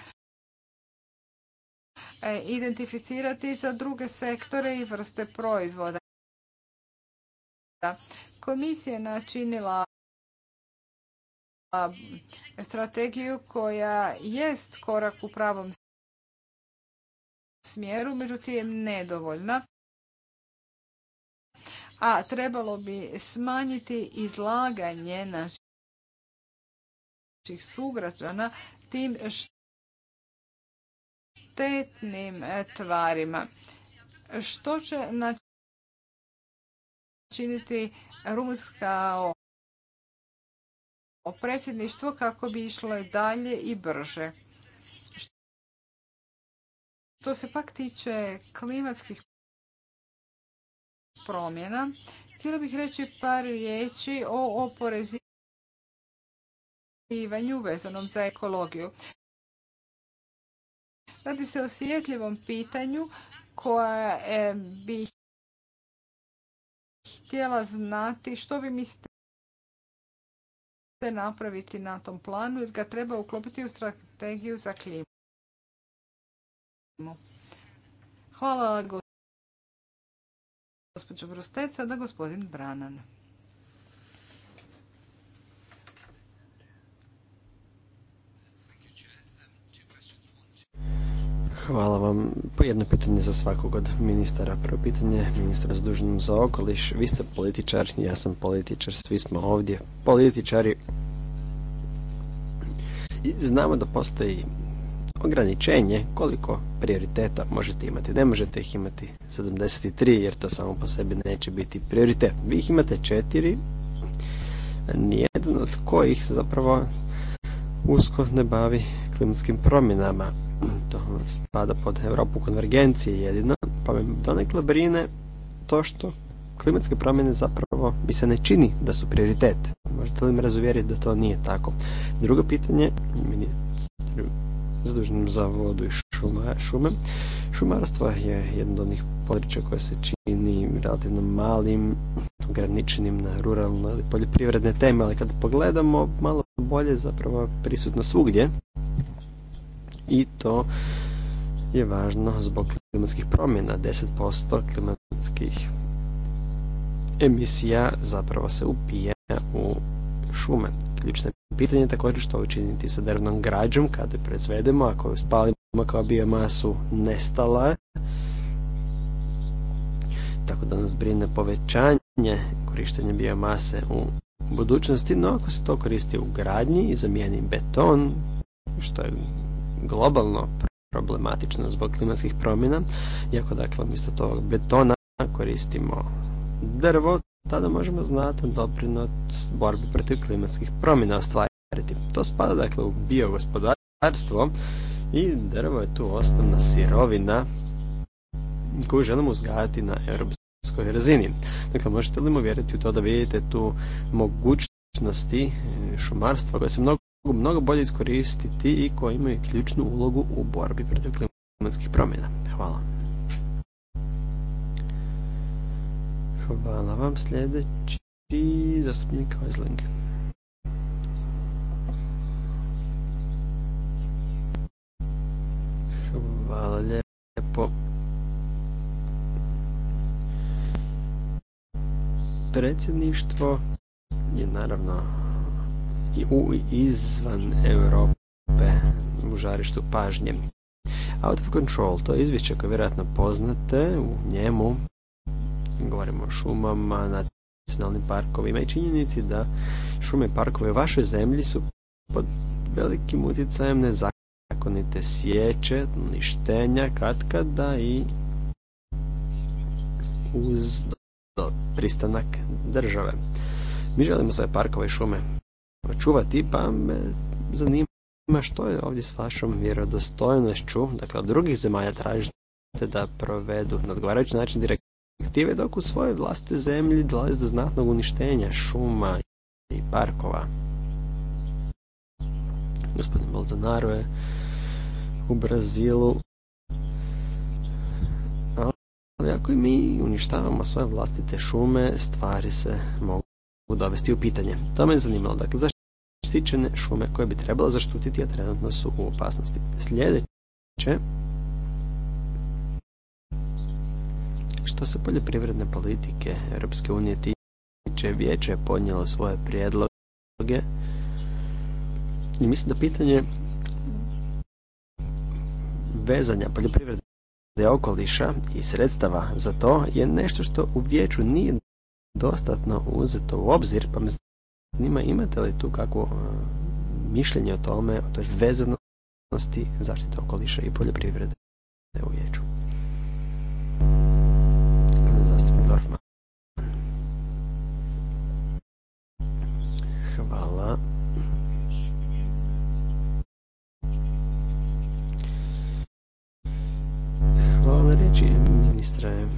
Speaker 2: identificirati za druge sektore i vrste proizvoda. Komisija načinila strategiju koja jest korak u pravom smjeru, međutim nedovoljna. A trebalo bi smanjiti izlaganje naših sugrađana tim štetnim e, tvarima. Što će na činiti rumunska predsjedništvo kako bi išlo dalje i brže. Što se pak tiče klimatskih promjena, htjela bih reći par riječi o oporezivanju vezanom za ekologiju. Radi se o sjetljivom pitanju koja eh, bi htjela znati što vi mislite napraviti na tom planu jer ga treba uklopiti u strategiju za klimu. Hvala gospođo Brosteca da gospodin Branan.
Speaker 3: Hvala vam. Po jedno pitanje za svakog od ministara. Prvo pitanje, ministar zaduženom za okoliš. Vi ste političar, ja sam političar, svi smo ovdje političari. I znamo da postoji ograničenje koliko prioriteta možete imati. Ne možete ih imati 73 jer to samo po sebi neće biti prioritet. Vi ih imate četiri, nijedan od kojih se zapravo usko ne bavi klimatskim promjenama to spada pod Europu konvergencije jedina, pa me donekle brine to što klimatske promjene zapravo mi se ne čini da su prioritet. Možete li mi razuvjeriti da to nije tako? Drugo pitanje, ministru zaduženom za vodu i šume. Šumarstvo je jedno od onih područja koje se čini relativno malim, ograničenim na ruralne ili poljoprivredne teme, ali kad pogledamo malo bolje zapravo prisutno svugdje, i to je važno zbog klimatskih promjena. 10% klimatskih emisija zapravo se upije u šume. Ključno pitanje je također što učiniti sa drvnom građom kada je prezvedemo, ako je spalimo kao biomasu nestala tako da nas brine povećanje korištenja biomase u budućnosti, no ako se to koristi u gradnji i zamijeni beton, što je globalno problematično zbog klimatskih promjena, iako dakle umjesto tog betona koristimo drvo, tada možemo znati doprinos borbi protiv klimatskih promjena ostvariti. To spada dakle u biogospodarstvo i drvo je tu osnovna sirovina koju želimo uzgajati na europskoj razini. Dakle, možete li mu vjeriti u to da vidite tu mogućnosti e, šumarstva koje se mnogo mogu mnogo bolje iskoristiti i koji imaju ključnu ulogu u borbi protiv klimatskih promjena. Hvala. Hvala vam. Sljedeći zastupnik Oizling. Hvala lijepo. Predsjedništvo je naravno i u izvan Europe u žarištu pažnje. Out of Control, to je izvješće koje vjerojatno poznate, u njemu govorimo o šumama, nacionalnim parkovima i činjenici da šume i parkove u vašoj zemlji su pod velikim utjecajem nezakonite sjeće, ništenja, katkada i uz pristanak države. Mi želimo svoje parkove i šume očuvati, pa me zanima što je ovdje s vašom vjerodostojnošću, dakle od drugih zemalja tražite da provedu na odgovarajući način direktive, dok u svojoj vlastitoj zemlji dolazi do znatnog uništenja šuma i parkova. Gospodin Bolzonaro je u Brazilu ali ako i mi uništavamo svoje vlastite šume, stvari se mogu dovesti u pitanje. To me je zanimalo. Dakle, zaštićene šume koje bi trebalo zaštititi, a trenutno su u opasnosti. Sljedeće, što se poljoprivredne politike Europske unije tiče, vijeće je podnijelo svoje prijedloge i mislim da pitanje vezanja poljoprivredne okoliša i sredstava za to je nešto što u vijeću nije dostatno uzeto u obzir, pa me zanima imate li tu kako e, mišljenje o tome, o toj vezanosti zaštite okoliša i poljoprivrede u vijeću. Zastupnik Dorfman.
Speaker 1: Hvala.
Speaker 3: Hvala ministre.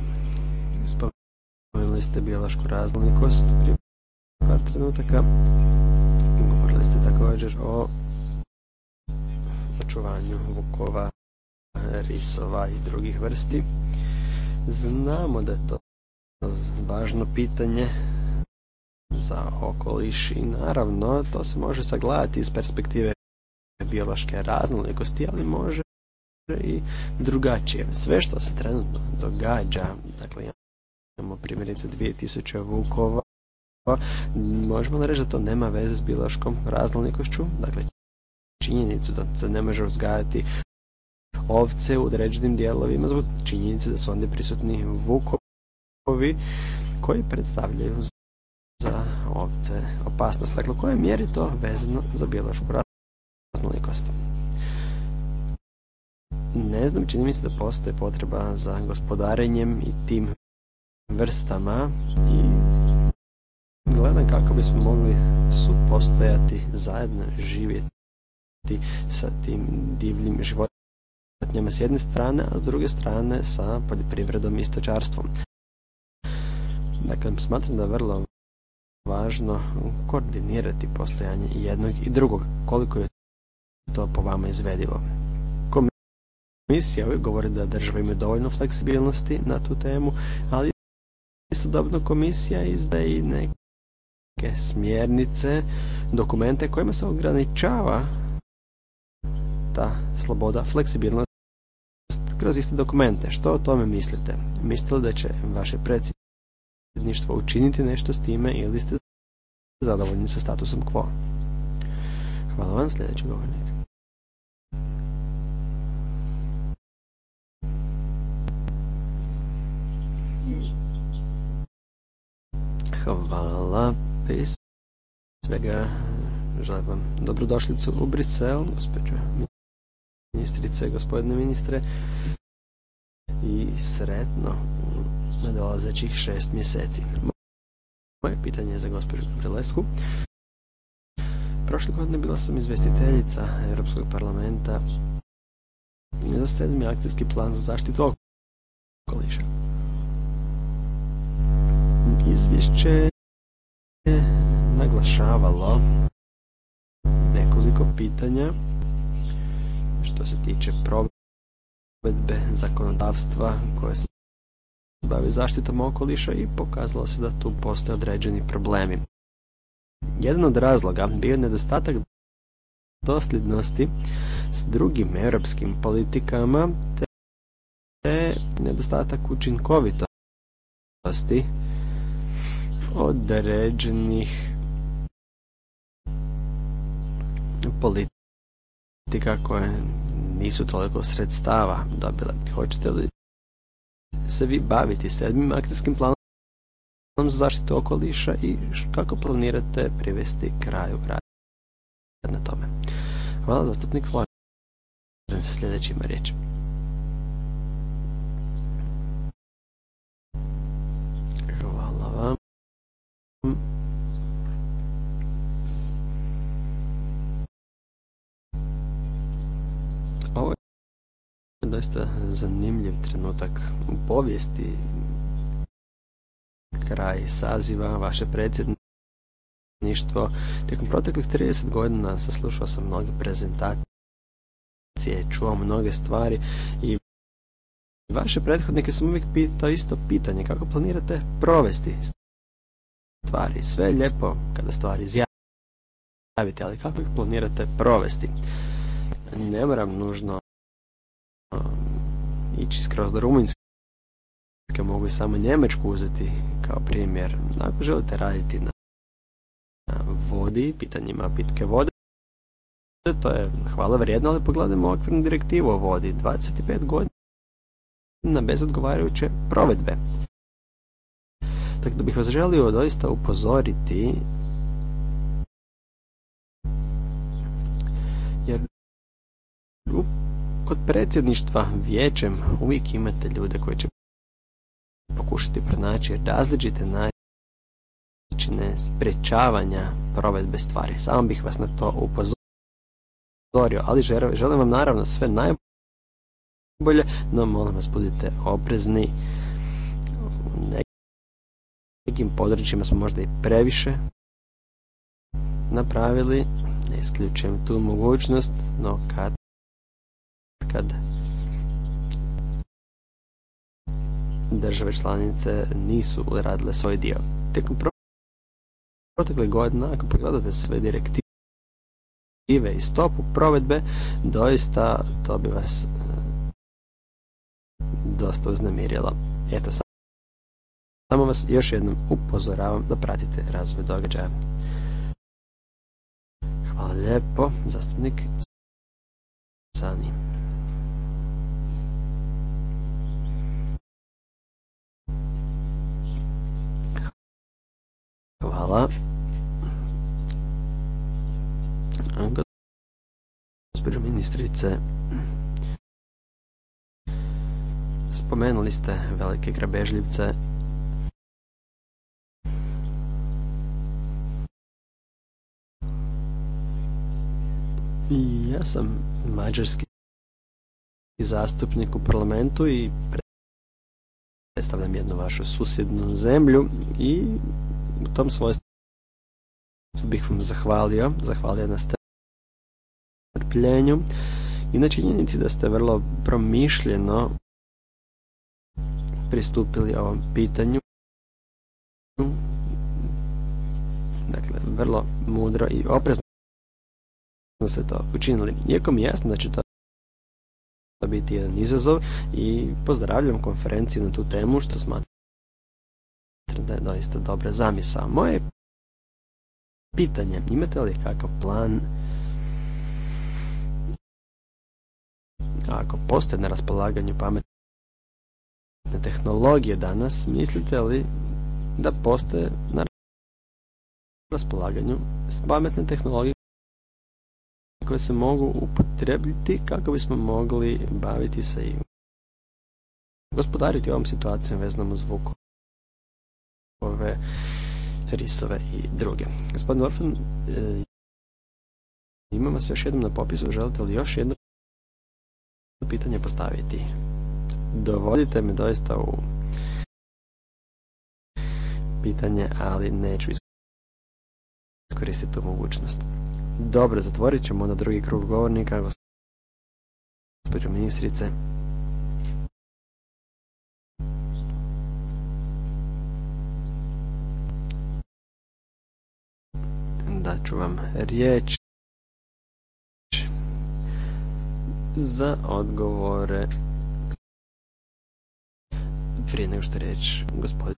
Speaker 3: Spomenuli ste biološku raznolikost prije par trenutaka. Govorili ste također o očuvanju vukova, risova i drugih vrsti. Znamo da je to važno pitanje za okoliš i naravno to se može sagledati iz perspektive biološke raznolikosti, ali može i drugačije. Sve što se trenutno događa, dakle imamo primjerice 2000 vukova, možemo li reći da to nema veze s biološkom raznolikošću, dakle činjenicu da se ne može uzgajati ovce u određenim dijelovima zbog činjenice da su onda prisutni vukovi koji predstavljaju za ovce opasnost. Dakle, u kojoj mjeri to vezano za biološku raznolikost? Ne znam, čini mi se da postoje potreba za gospodarenjem i tim vrstama i gledam kako bismo mogli supostojati, zajedno živjeti sa tim divljim životinjama s jedne strane, a s druge strane sa poljoprivredom i stočarstvom. Dakle, smatram da je vrlo važno koordinirati postojanje jednog i drugog, koliko je to po vama izvedivo. Komisija uvijek govori da država ima dovoljno fleksibilnosti na tu temu, ali Istodobno komisija izdaje i neke smjernice, dokumente kojima se ograničava ta sloboda, fleksibilnost kroz iste dokumente. Što o tome mislite? Mislite li da će vaše predsjedništvo učiniti nešto s time ili ste zadovoljni sa statusom quo? Hvala vam, sljedeći govornik. Hvala. Prije svega želim vam dobrodošlicu u Brisel, gospođo ministrice, gospodine ministre i sretno u nadolazećih šest mjeseci. Moje pitanje je za gospođu Gabrielesku. Prošle godine bila sam izvestiteljica Europskog parlamenta za sedmi akcijski plan za zaštitu okoliša. Izvješće je naglašavalo nekoliko pitanja što se tiče provedbe zakonodavstva koje se bavi zaštitom okoliša i pokazalo se da tu postoje određeni problemi. Jedan od razloga bio je nedostatak dosljednosti s drugim europskim politikama te nedostatak učinkovitosti određenih politika koje nisu toliko sredstava dobile. Hoćete li se vi baviti sedmim akcijskim planom za zaštitu okoliša i kako planirate privesti kraju rad na tome? Hvala zastupnik Florence, sljedeći ima riječ. doista zanimljiv trenutak u povijesti, kraj saziva, vaše predsjedništvo. Tijekom proteklih 30 godina saslušao sam mnoge prezentacije, čuo mnoge stvari i vaše prethodnike sam uvijek pitao isto pitanje, kako planirate provesti stvari. Sve je lijepo kada stvari izjavite, ali kako ih planirate provesti? Ne moram nužno Ehm, ići skroz do Rumunjske, mogu samo Njemačku uzeti kao primjer. Ako želite raditi na vodi, pitanjima pitke vode, to je hvala vrijedno, ali pogledajmo okvirnu direktivu o vodi. 25 godina bez odgovarajuće provedbe. Tako da bih vas želio doista upozoriti jer kod predsjedništva vijećem uvijek imate ljude koji će pokušati pronaći različite načine sprečavanja provedbe stvari. Samo bih vas na to upozorio, ali želim vam naravno sve najbolje, no molim vas budite oprezni. U nekim područjima smo možda i previše napravili, ne isključujem tu mogućnost, no
Speaker 1: kad kad
Speaker 3: države članice nisu radile svoj dio. Tijekom protekle godine, ako pogledate sve direktive i stopu provedbe, doista to bi vas e, dosta uznemirilo. Eto, samo vas još jednom upozoravam da pratite razvoj događaja.
Speaker 1: Hvala lijepo, zastupnik Sani. Hvala.
Speaker 3: Gospodin ministrice, spomenuli ste velike grabežljivce Ja sam mađarski zastupnik u parlamentu i predstavljam jednu vašu susjednu zemlju i u tom svojstvu bih vam zahvalio, zahvalio na strpljenju i na činjenici da ste vrlo promišljeno pristupili ovom pitanju. Dakle, vrlo mudro i oprezno ste to učinili. Iako mi jasno da će to biti jedan izazov i pozdravljam konferenciju na tu temu što smatram smatram da je doista dobra zamisao. Moje pitanje, imate li kakav plan
Speaker 1: ako postoje na raspolaganju pametne
Speaker 3: tehnologije danas, mislite li da postoje na raspolaganju pametne tehnologije koje se mogu upotrebiti kako bismo mogli baviti se i gospodariti ovom situacijom veznom uz ove risove i druge. Gospodin Orfan, e, imamo se još jednom na popisu, želite li još jedno pitanje postaviti? Dovodite me doista u pitanje, ali neću iskoristiti tu mogućnost. Dobro, zatvorit ćemo onda drugi krug govornika,
Speaker 1: gospođo ministrice. dat ću vam riječ za odgovore prije nego što riječ gospodin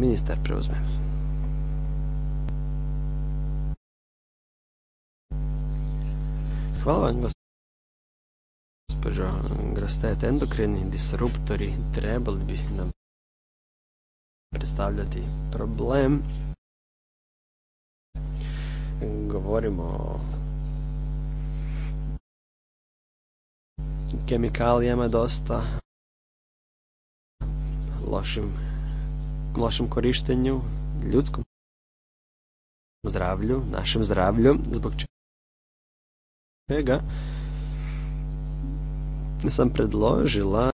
Speaker 1: ministar preuzme. Hvala vam gospođo Grostet. Endokrini disruptori trebali bi nam predstavljati problem govorimo o
Speaker 3: kemikalijama dosta, lošim, lošem korištenju, ljudskom
Speaker 1: zdravlju, našem zdravlju, zbog
Speaker 3: čega sam predložila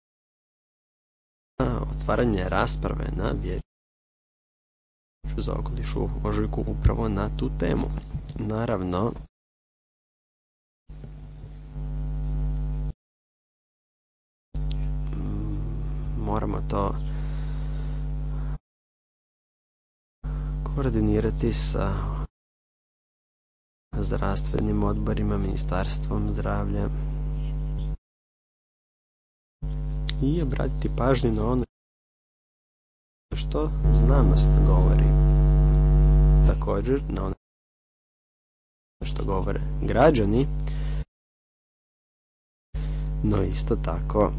Speaker 3: otvaranje rasprave na vjeru ću za okoliš
Speaker 1: u ožujku upravo na tu temu. Naravno,
Speaker 3: mm, moramo to koordinirati sa zdravstvenim odborima, ministarstvom
Speaker 1: zdravlja i obratiti pažnju na ono što znanost govori. Također, na ono što govore građani, no isto tako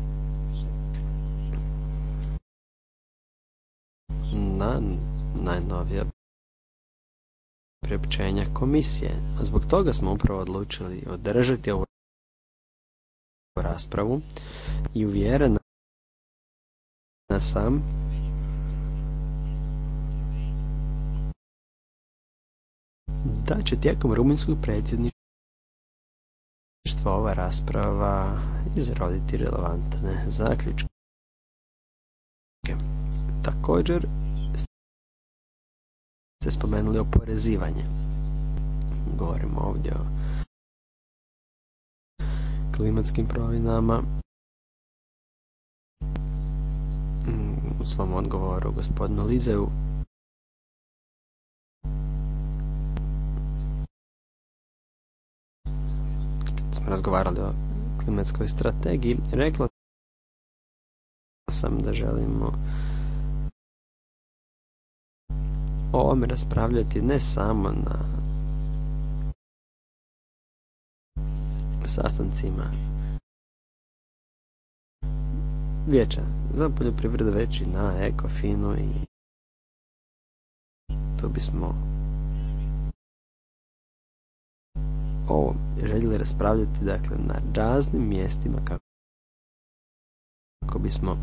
Speaker 3: na najnovija priopćenja komisije. A zbog toga smo upravo odlučili održati
Speaker 1: ovu raspravu i uvjerena sam da će tijekom rumunjskog predsjedništva ova rasprava izroditi relevantne zaključke. Također ste spomenuli oporezivanje. Govorimo ovdje o klimatskim promjenama. U svom odgovoru gospodinu Lizeu razgovarali o klimatskoj strategiji, rekla sam da želimo o ovome raspravljati ne samo na sastancima vijeća za poljoprivredu već i na ekofinu i tu bismo ovom željeli raspravljati dakle na raznim mjestima kako bismo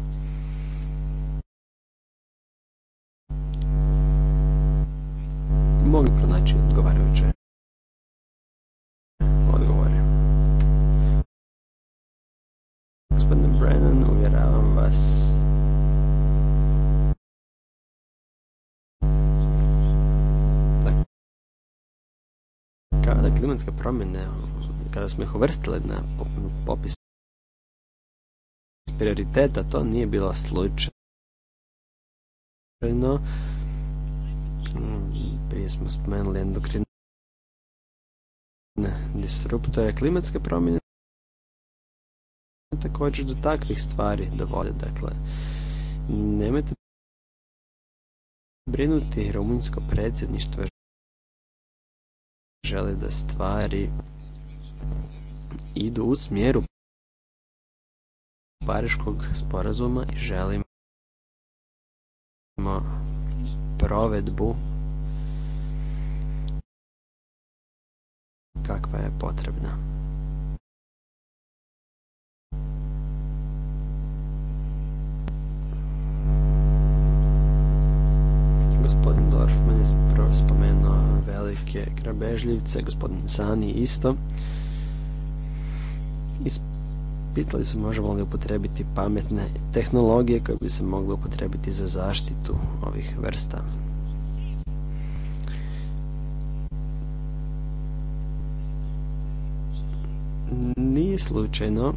Speaker 1: mogli pronaći odgovarajuće odgovore. Gospodine Brennan, uvjeravam vas klimatske promjene, kada smo ih uvrstili na popis prioriteta, to nije bilo slučajno. Prije smo spomenuli endokrine disruptore klimatske promjene također do takvih stvari dovolje Dakle, nemojte brinuti rumunjsko predsjedništvo želi da stvari idu u smjeru Pariškog sporazuma i želimo provedbu kakva je potrebna.
Speaker 3: velike grabežljivce, gospodin Sani isto. Ispitali su možemo li upotrebiti pametne tehnologije koje bi se mogle upotrebiti za zaštitu ovih vrsta. Nije slučajno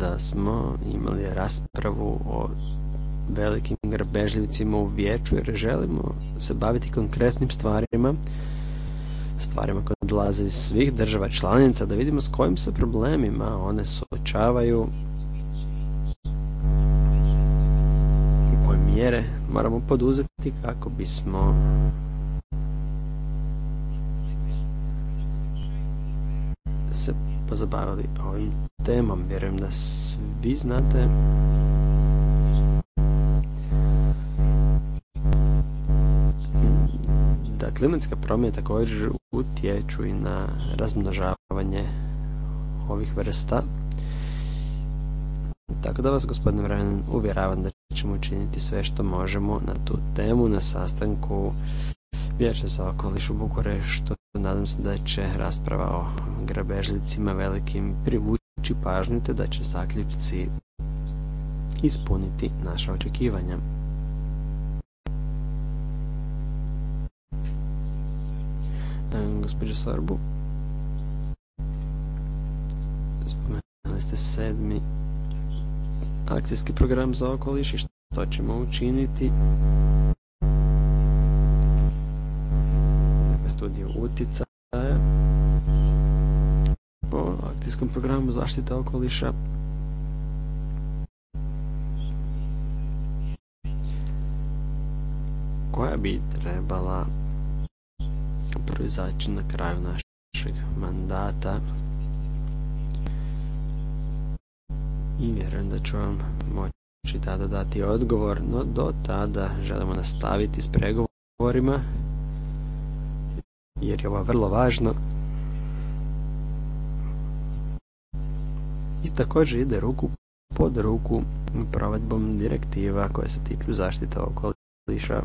Speaker 3: da smo imali raspravu o velikim grabežljivcima u vječu jer želimo se baviti konkretnim stvarima, stvarima koje dolaze iz svih država članica, da vidimo s kojim se problemima one suočavaju, i koje mjere moramo poduzeti kako bismo se pozabavili ovim temom. Vjerujem da svi znate da klimatska promjene također utječu i na razmnožavanje ovih vrsta. Tako da vas gospodine Vremen uvjeravam da ćemo učiniti sve što možemo na tu temu na sastanku Vijeća za okoliš u Bukureštu. Nadam se da će rasprava o grabežljicima velikim privući pažnju te da će zaključci ispuniti naša očekivanja. Gospodin Sarbu, spomenuli ste sedmi akcijski program za okoliš i što ćemo učiniti dakle, studiju utjecaja o akcijskom programu zaštite okoliša koja bi trebala proizaći na kraju našeg mandata i vjerujem da ću vam moći tada dati odgovor, no do tada želimo nastaviti s pregovorima jer je ovo vrlo važno i također ide ruku pod ruku provedbom direktiva koje se tiču zaštite okoliša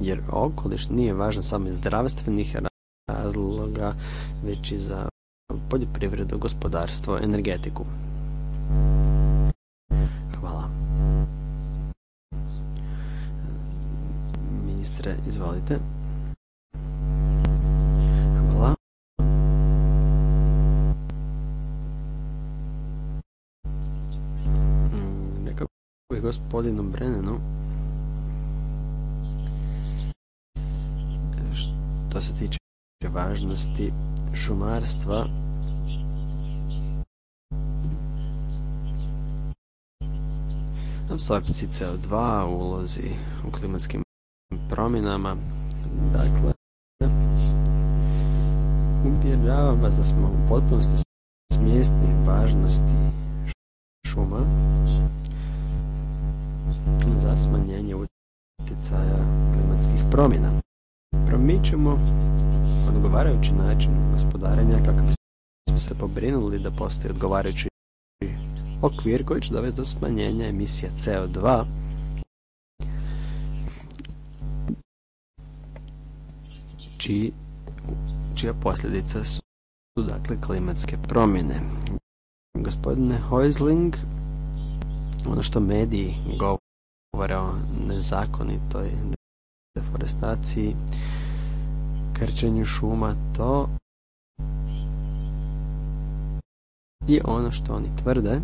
Speaker 3: jer okoliš nije važan samo iz zdravstvenih razloga već i za poljoprivredu, gospodarstvo, energetiku. Hvala. Ministre, izvolite. Hvala. Mm, gospodinu Brennenu što se tiče važnosti šumarstva apsorpciji CO2, ulozi u klimatskim promjenama. Dakle, uvjeravam vas da smo u potpunosti smjesni važnosti šuma za smanjenje utjecaja klimatskih promjena promičemo odgovarajući način gospodarenja kako bismo se pobrinuli da postoji odgovarajući okvir koji će dovesti do smanjenja emisija CO2 čija posljedica su dakle klimatske promjene. Gospodine Heusling, ono što mediji govore o nezakonitoj deforestaciji, krčenju šuma, to i ono što oni tvrde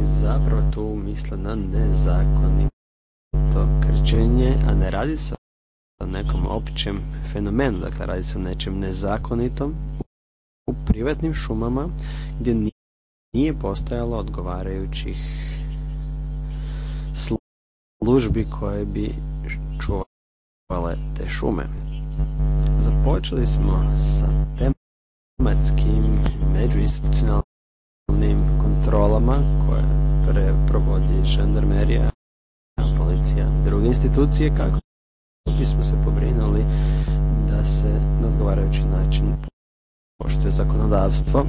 Speaker 3: i zapravo tu misle na nezakonito krčenje, a ne radi se o nekom općem fenomenu, dakle radi se o nečem nezakonitom u privatnim šumama gdje nije postojalo odgovarajućih službi koje bi čuvale te šume. Započeli smo sa tematskim međuinstitucionalnim kontrolama koje pre provodi žandarmerija, policija, druge institucije kako bismo se pobrinuli da se na odgovarajući način poštuje zakonodavstvo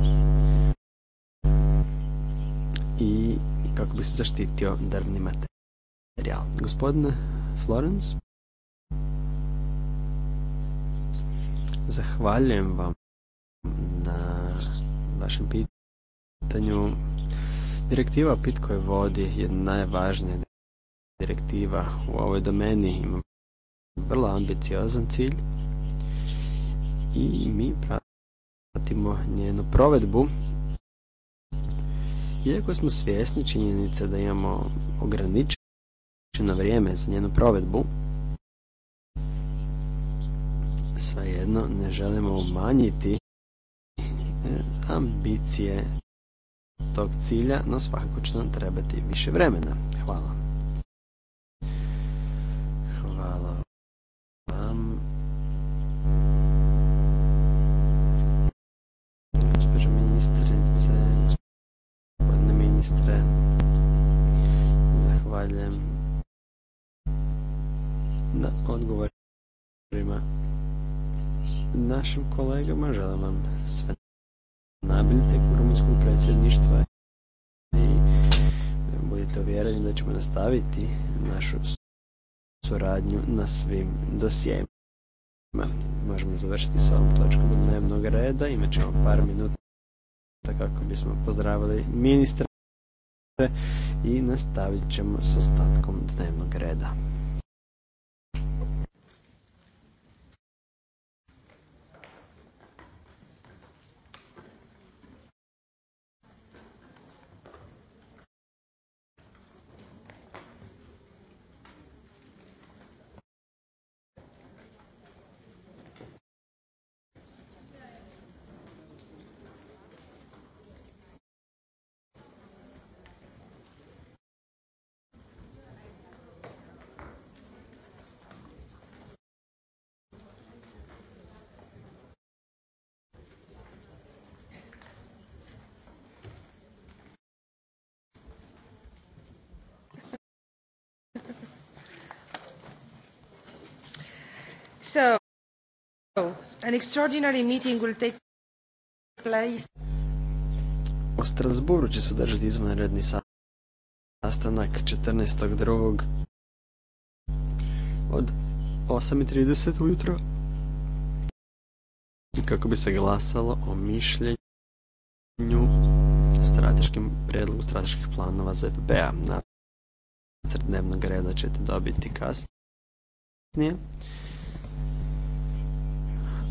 Speaker 3: i kako bi se zaštitio drvni materijal. Gospodine Florence, zahvaljujem vam na vašem pitanju. Direktiva o pitkoj vodi je najvažnija direktiva u ovoj domeni. Ima vrlo ambiciozan cilj i mi pratimo njenu provedbu iako smo svjesni činjenice da imamo ograničeno vrijeme za njenu provedbu, svejedno ne želimo umanjiti e, ambicije tog cilja, no svakako će nam trebati više vremena. Hvala. Hvala
Speaker 1: vam. ministre.
Speaker 3: Zahvaljujem na odgovorima našim kolegama. Želim vam sve najbolje u rumunjskog predsjedništva i budite uvjereni da ćemo nastaviti našu suradnju na svim dosijema. Možemo završiti s ovom točkom dnevnog reda, imat ćemo par minuta kako bismo pozdravili ministra i nastavit ćemo s ostatkom dnevnog reda.
Speaker 2: So, an extraordinary meeting will take place.
Speaker 3: U Strasburu će se održati izvanredni sastanak 14.2. od 8.30 ujutro i kako bi se glasalo o mišljenju strateškim predlogu strateških planova ZPP-a. Nacrt dnevnog reda ćete dobiti kasnije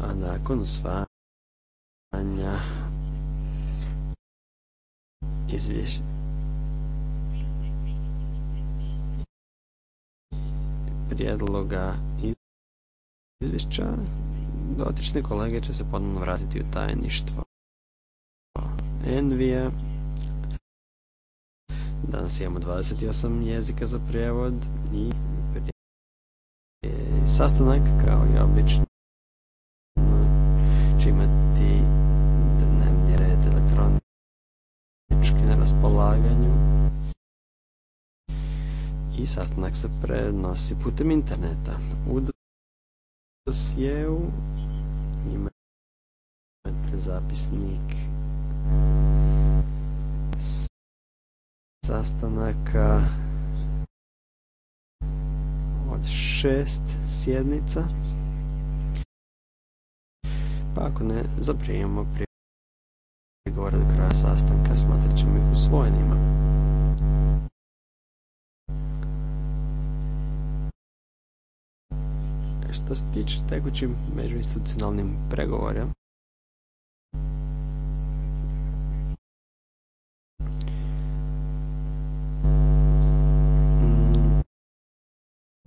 Speaker 3: a nakon usvajanja izvješća prijedloga izvješća dotične kolege će se ponovno vratiti u tajništvo Envija danas imamo 28 jezika za prijevod i sastanak kao i obično točki na raspolaganju i sastanak se prenosi putem interneta. U dosijevu imate zapisnik
Speaker 1: sastanaka od šest sjednica. Pa ako ne, zaprijemo. prije prigovora do kraja sastanka smatrat ćemo ih usvojenima. E, što se
Speaker 3: tiče tekućim međuinstitucionalnim pregovorima,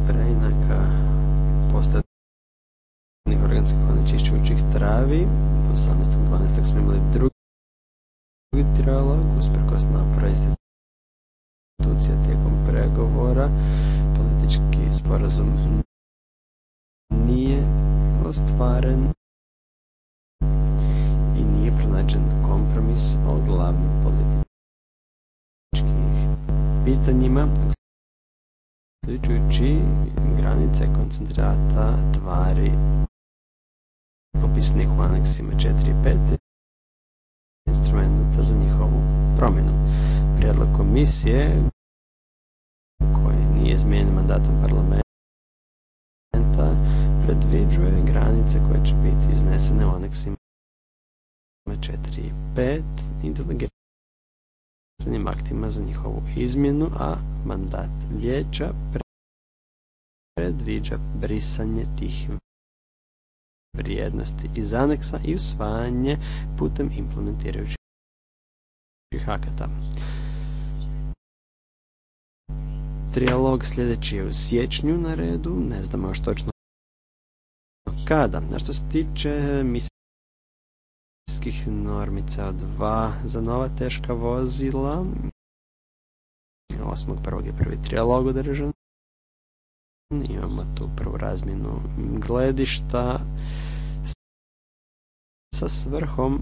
Speaker 1: preinaka mm, postoje organskih onečišćujućih travi. 18. 12. smo imali drugi drugi usprkos naporima institucija tijekom pregovora politički sporazum nije ostvaren i nije pronađen
Speaker 3: kompromis o glavnim političkim pitanjima, uključujući granice koncentrata
Speaker 1: tvari opisnih u aneksima 4 i 5 Instrumenta za njihovu promjenu. Prijedlog komisije koji nije izmijenjen mandatom parlamenta
Speaker 3: predviđuje granice koje će biti iznesene u aneksima 4 i 5 i aktima za njihovu izmjenu, a mandat vijeća predviđa brisanje tih vrijednosti iz aneksa i usvajanje putem
Speaker 1: implementirajućih akata.
Speaker 3: Trijalog sljedeći je u siječnju na redu, ne znamo još točno kada. Na što se tiče misijskih normica 2 za nova teška vozila, 8.1. je prvi trijalog održan. Imamo tu prvu razmjenu gledišta sa svrhom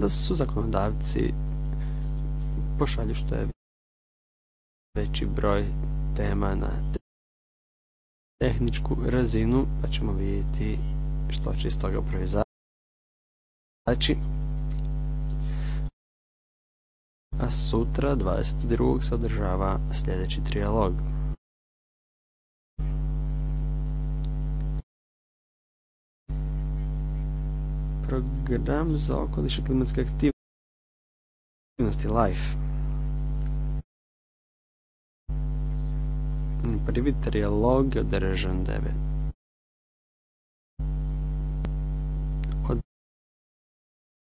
Speaker 3: da su zakonodavci
Speaker 1: pošalju što je veći broj tema na tehničku razinu, pa ćemo vidjeti što će iz toga proizaći a sutra 22. se održava sljedeći trijalog.
Speaker 3: Program za okoliš i klimatske aktivnosti LIFE. Prvi trijalog je održan 9.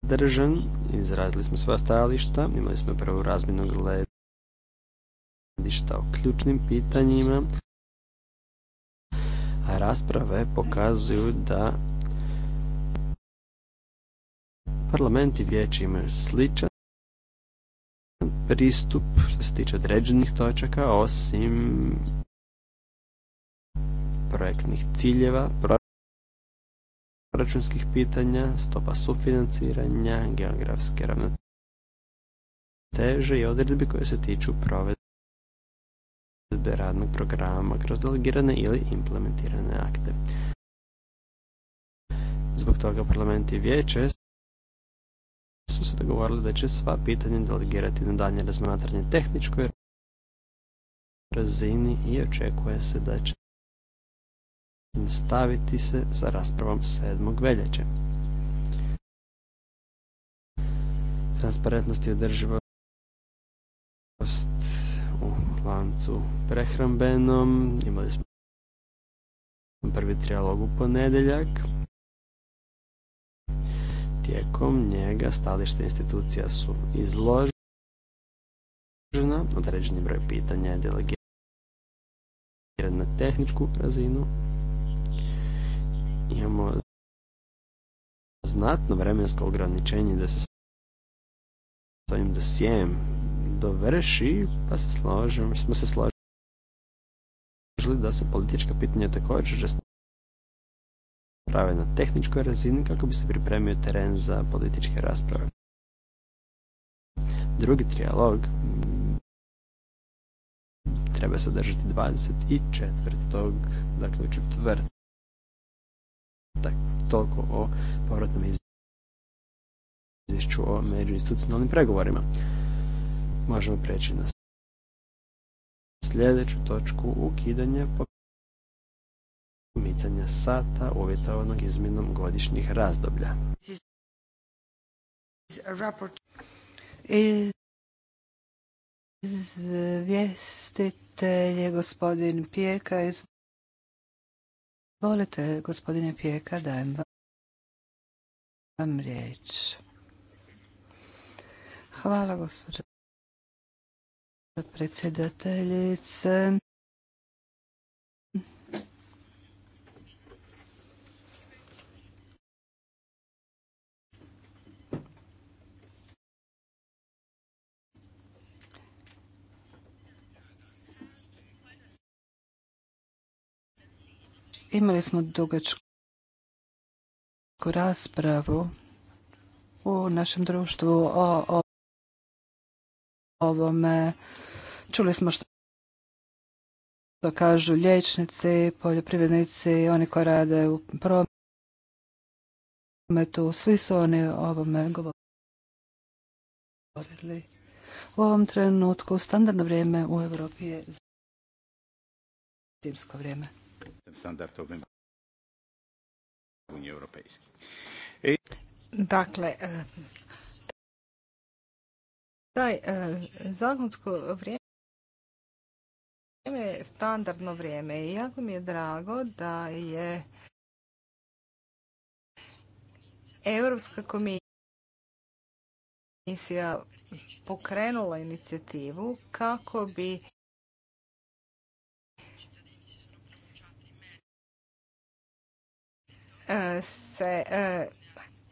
Speaker 3: Držan, izrazili smo svoja stajališta, imali smo prvu razmjenu
Speaker 1: gledišta o ključnim pitanjima,
Speaker 3: a rasprave pokazuju da parlament i vijeće imaju sličan pristup što se tiče određenih točaka osim projektnih ciljeva, proračunskih pitanja, stopa sufinanciranja, geografske ravnoteže i odredbi koje se tiču provedbe radnog programa kroz delegirane ili implementirane akte. Zbog toga parlament i vijeće su se dogovorili da će sva pitanja delegirati na danje razmatranje tehničkoj razini i očekuje se da će nastaviti se sa raspravom 7. veljače. Transparentnost i održivost u lancu prehrambenom. Imali smo prvi trijalog u ponedjeljak.
Speaker 1: Tijekom njega stalište institucija su izložena, određeni broj pitanja je delegiran na tehničku razinu, imamo znatno vremensko ograničenje da se s ovim dosijem dovrši, pa se složimo, smo se složili da se politička
Speaker 3: pitanja također prave na tehničkoj razini kako bi se pripremio teren za političke rasprave. Drugi trijalog treba se održati 24.
Speaker 1: dakle u četvrt toliko o povratnom izvješću o međuinstitucionalnim pregovorima. Možemo preći na sljedeću točku ukidanja pomicanja sata uvjetovanog izmjenom godišnjih razdoblja.
Speaker 2: Izvjestitelj je gospodin Pijeka iz Volite, gospodine Pijeka, dajem vam riječ. Hvala, gospođo predsjedateljice. Imali smo dugačku raspravu u našem društvu o, ovome. Čuli smo što kažu liječnici, poljoprivrednici, oni koji rade u prometu, svi su oni o ovome govorili. U ovom trenutku standardno vrijeme u
Speaker 1: Europi je zimsko vrijeme tym standardowym w Unii Dakle, e, taj e,
Speaker 2: zakonsko vrijeme je standardno vrijeme i jako mi je drago da je Europska komisija pokrenula inicijativu kako bi E, se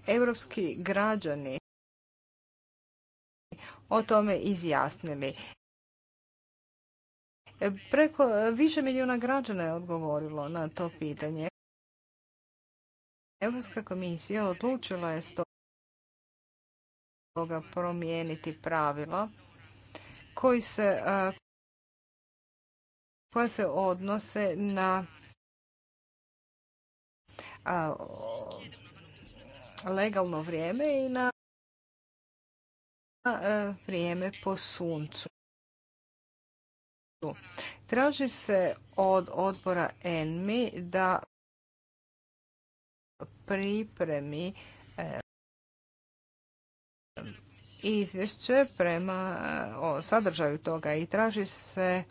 Speaker 2: europski građani o tome izjasnili. E, preko više milijuna građana je odgovorilo na to pitanje. Europska komisija odlučila je stoga promijeniti pravila koji se, e, koja se odnose na legalno vrijeme i na e, vrijeme po suncu. Traži se od odbora ENMI da pripremi e, izvješće prema e, sadržaju toga i traži se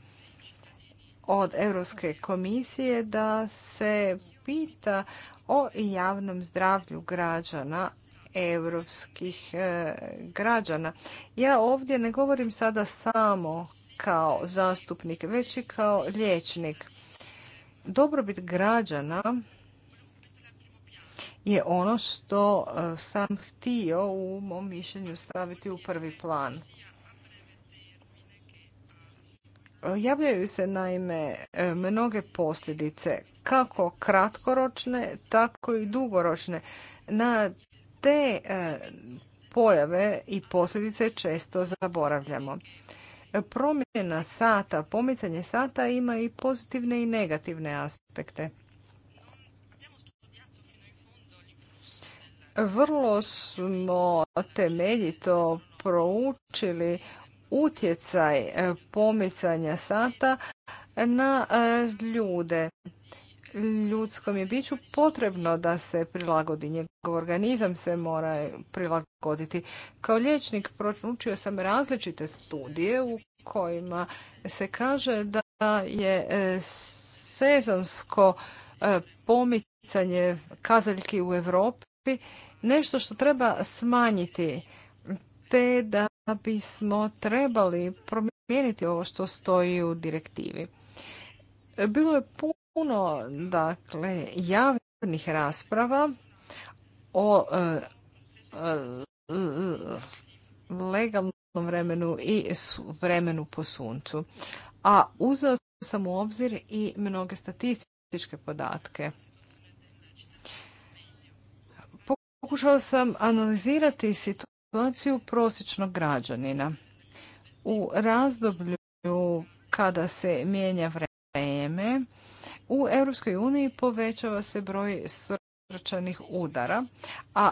Speaker 2: od Europske komisije da se pita o javnom zdravlju građana europskih e, građana. Ja ovdje ne govorim sada samo kao zastupnik, već i kao liječnik. Dobrobit građana je ono što e, sam htio u mom mišljenju staviti u prvi plan. Javljaju se naime e, mnoge posljedice, kako kratkoročne, tako i dugoročne. Na te e, pojave i posljedice često zaboravljamo. Promjena sata, pomicanje sata ima i pozitivne i negativne aspekte. Vrlo smo temeljito proučili utjecaj e, pomicanja sata na e, ljude. Ljudskom je biću potrebno da se prilagodi. Njegov organizam se mora prilagoditi. Kao liječnik učio sam različite studije u kojima se kaže da je e, sezonsko pomicanje kazaljki u Europi nešto što treba smanjiti te da da bismo trebali promijeniti ovo što stoji u direktivi. Bilo je puno dakle, javnih rasprava o e, e, legalnom vremenu i vremenu po suncu. A uzeo sam u obzir i mnoge statističke podatke. Pokušao sam analizirati situaciju situaciju prosječnog građanina. U razdoblju kada se mijenja vreme, u Europskoj uniji povećava se broj srčanih udara, a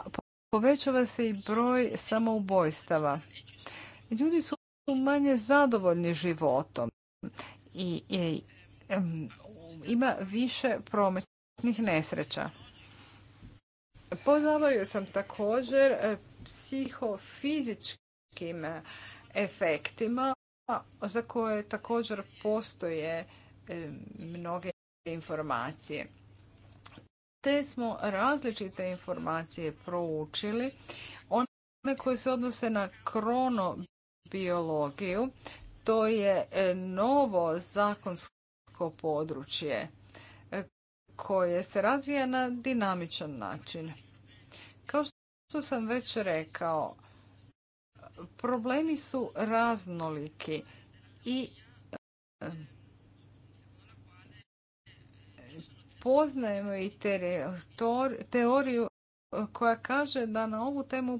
Speaker 2: povećava se i broj samoubojstava. Ljudi su manje zadovoljni životom i, ima više prometnih nesreća. Pozabavio sam također psihofizičkim eh, efektima za koje također postoje eh, mnoge informacije. Te smo različite informacije proučili. One koje se odnose na kronobiologiju, to je eh, novo zakonsko područje koje se razvija na dinamičan način. Kao što što sam već rekao, problemi su raznoliki i poznajemo i teoriju koja kaže da na ovu temu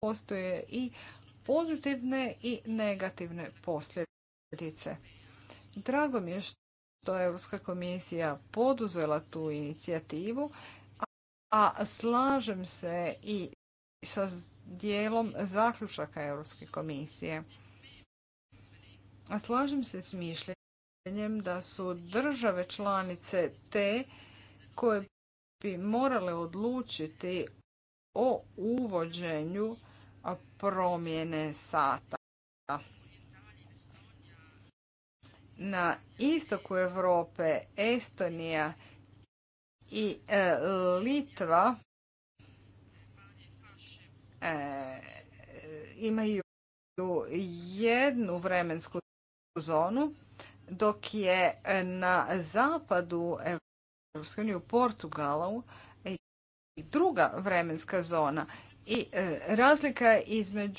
Speaker 2: postoje i pozitivne i negativne posljedice. Drago mi je što je Europska komisija poduzela tu inicijativu, a slažem se i sa dijelom zaključaka Europske komisije. A slažem se s mišljenjem da su države članice te koje bi morale odlučiti o uvođenju promjene sata. Na istoku Europe Estonija i e, Litva E, imaju jednu vremensku zonu, dok je na zapadu EU u Portugalu i druga vremenska zona. I e, razlika između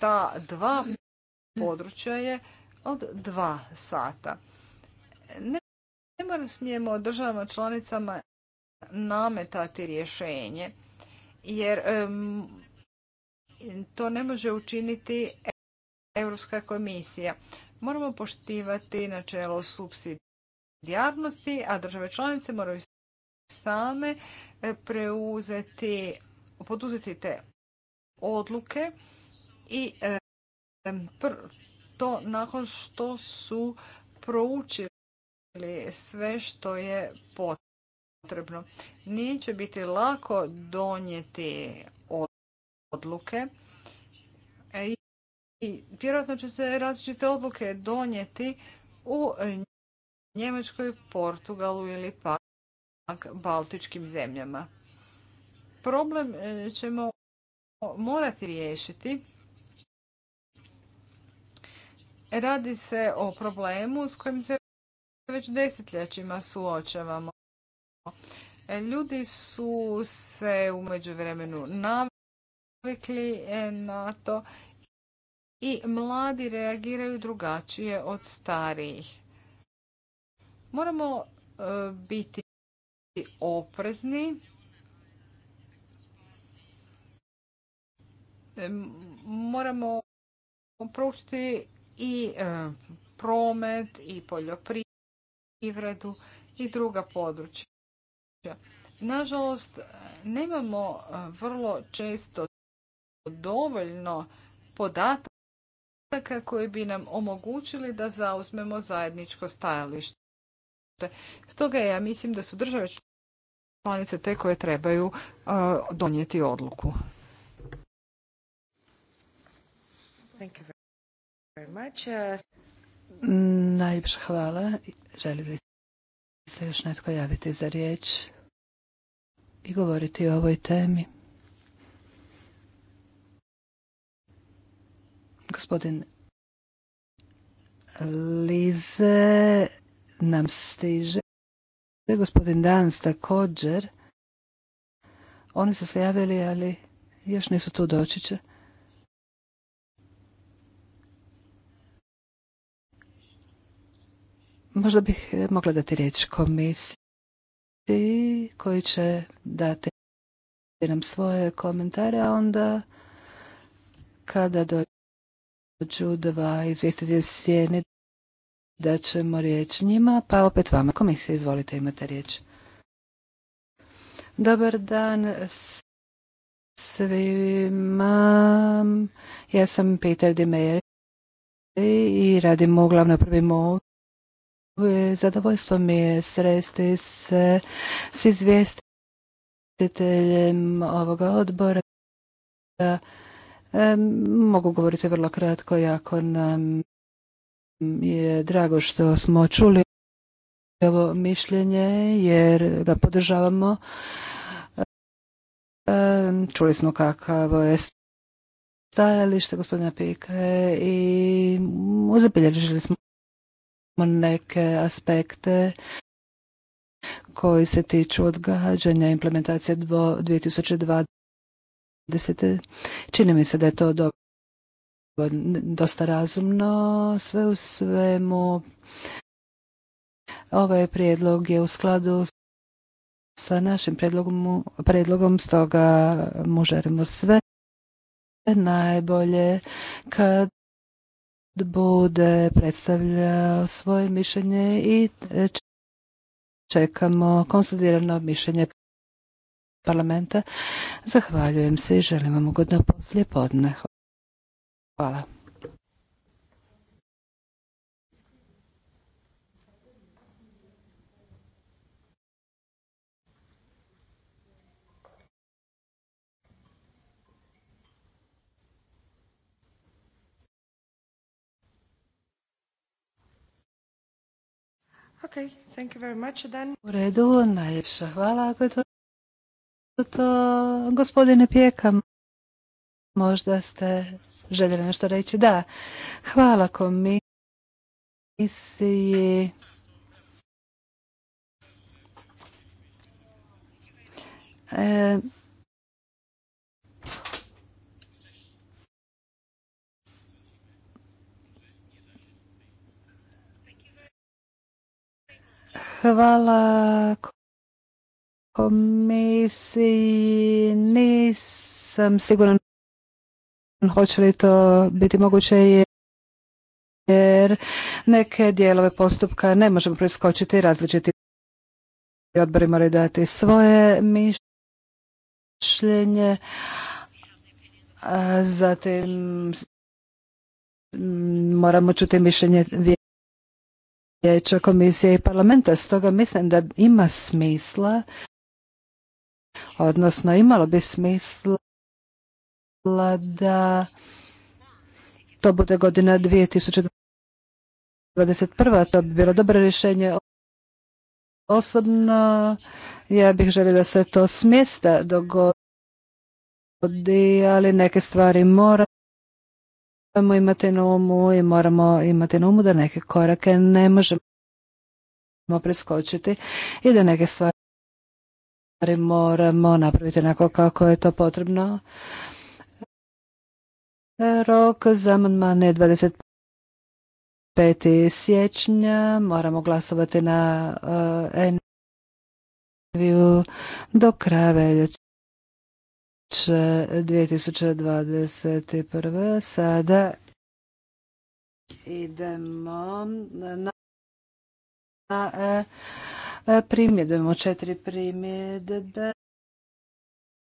Speaker 2: ta dva područja je od dva sata. Ne, ne smijemo državama članicama nametati rješenje jer to ne može učiniti Europska komisija. Moramo poštivati načelo subsidijarnosti, a države članice moraju same e, preuzeti, poduzeti te odluke i to nakon što su proučili sve što je potrebno potrebno. Neće biti lako donijeti odluke e, i vjerojatno će se različite odluke donijeti u Njemačkoj, Portugalu ili pak Baltičkim zemljama. Problem e, ćemo morati riješiti. Radi se o problemu s kojim se već desetljećima suočavamo. E, ljudi su se u međuvremenu navikli e, na to i mladi reagiraju drugačije od starijih. Moramo e, biti oprezni. Moramo proučiti i promet i poljoprivredu i druga područja. Nažalost, nemamo e, vrlo često dovoljno podataka koji bi nam omogućili da zauzmemo zajedničko stajalište. Stoga ja mislim da su države članice te koje trebaju e, donijeti odluku. Thank uh, Najljepša hvala. Želi li se još netko javiti za riječ? i govoriti o ovoj temi. Gospodin Lize nam stiže. Gospodin Dans također. Oni su se javili, ali još nisu tu doći će. Možda bih mogla dati riječ komisiji i koji će dati nam svoje komentare, a onda kada dođu dva izvjestitelja sjene da ćemo riječ njima, pa opet vama. Komisija, izvolite, imate riječ. Dobar dan svima. Ja sam Peter Dimejer i radim uglavnom prvi mol Zadovoljstvo mi je sresti se s izvjestiteljem ovoga odbora. Mogu govoriti vrlo kratko, jako nam je drago što smo čuli ovo mišljenje jer ga podržavamo. Čuli smo kakavo je stajalište gospodina Pika i uzabilježili smo neke aspekte koji se tiču odgađanja implementacije 2020. Čini mi se da je to dosta razumno. Sve u svemu ovaj prijedlog je u skladu sa našim prijedlogom, prijedlogom stoga mu želimo sve najbolje kad bude predstavljao svoje mišljenje i čekamo konsolidirano mišljenje parlamenta. Zahvaljujem se i želim vam ugodno poslije Hvala. Thank you very much, U redu, najljepša hvala ako je to, gospodine Pijeka. Možda ste željeli nešto reći. Da, hvala komisiji. E, Hvala komisiji. Nisam siguran hoće li to biti moguće jer neke dijelove postupka ne možemo preskočiti različiti odbori moraju dati svoje mišljenje zatim moramo čuti mišljenje vijeća komisije i parlamenta. Stoga mislim da ima smisla, odnosno imalo bi smisla da to bude godina 2021. To bi bilo dobro rješenje. Osobno ja bih želio da se to smjesta dogodi, ali neke stvari mora moramo imati na umu i moramo imati na umu da neke korake ne možemo preskočiti i da neke stvari moramo napraviti onako kako je to potrebno. Rok za amandmane je 25. siječnja. Moramo glasovati na uh, do kraja 2021. Sada idemo na e, primjedbe. Imamo četiri primjedbe.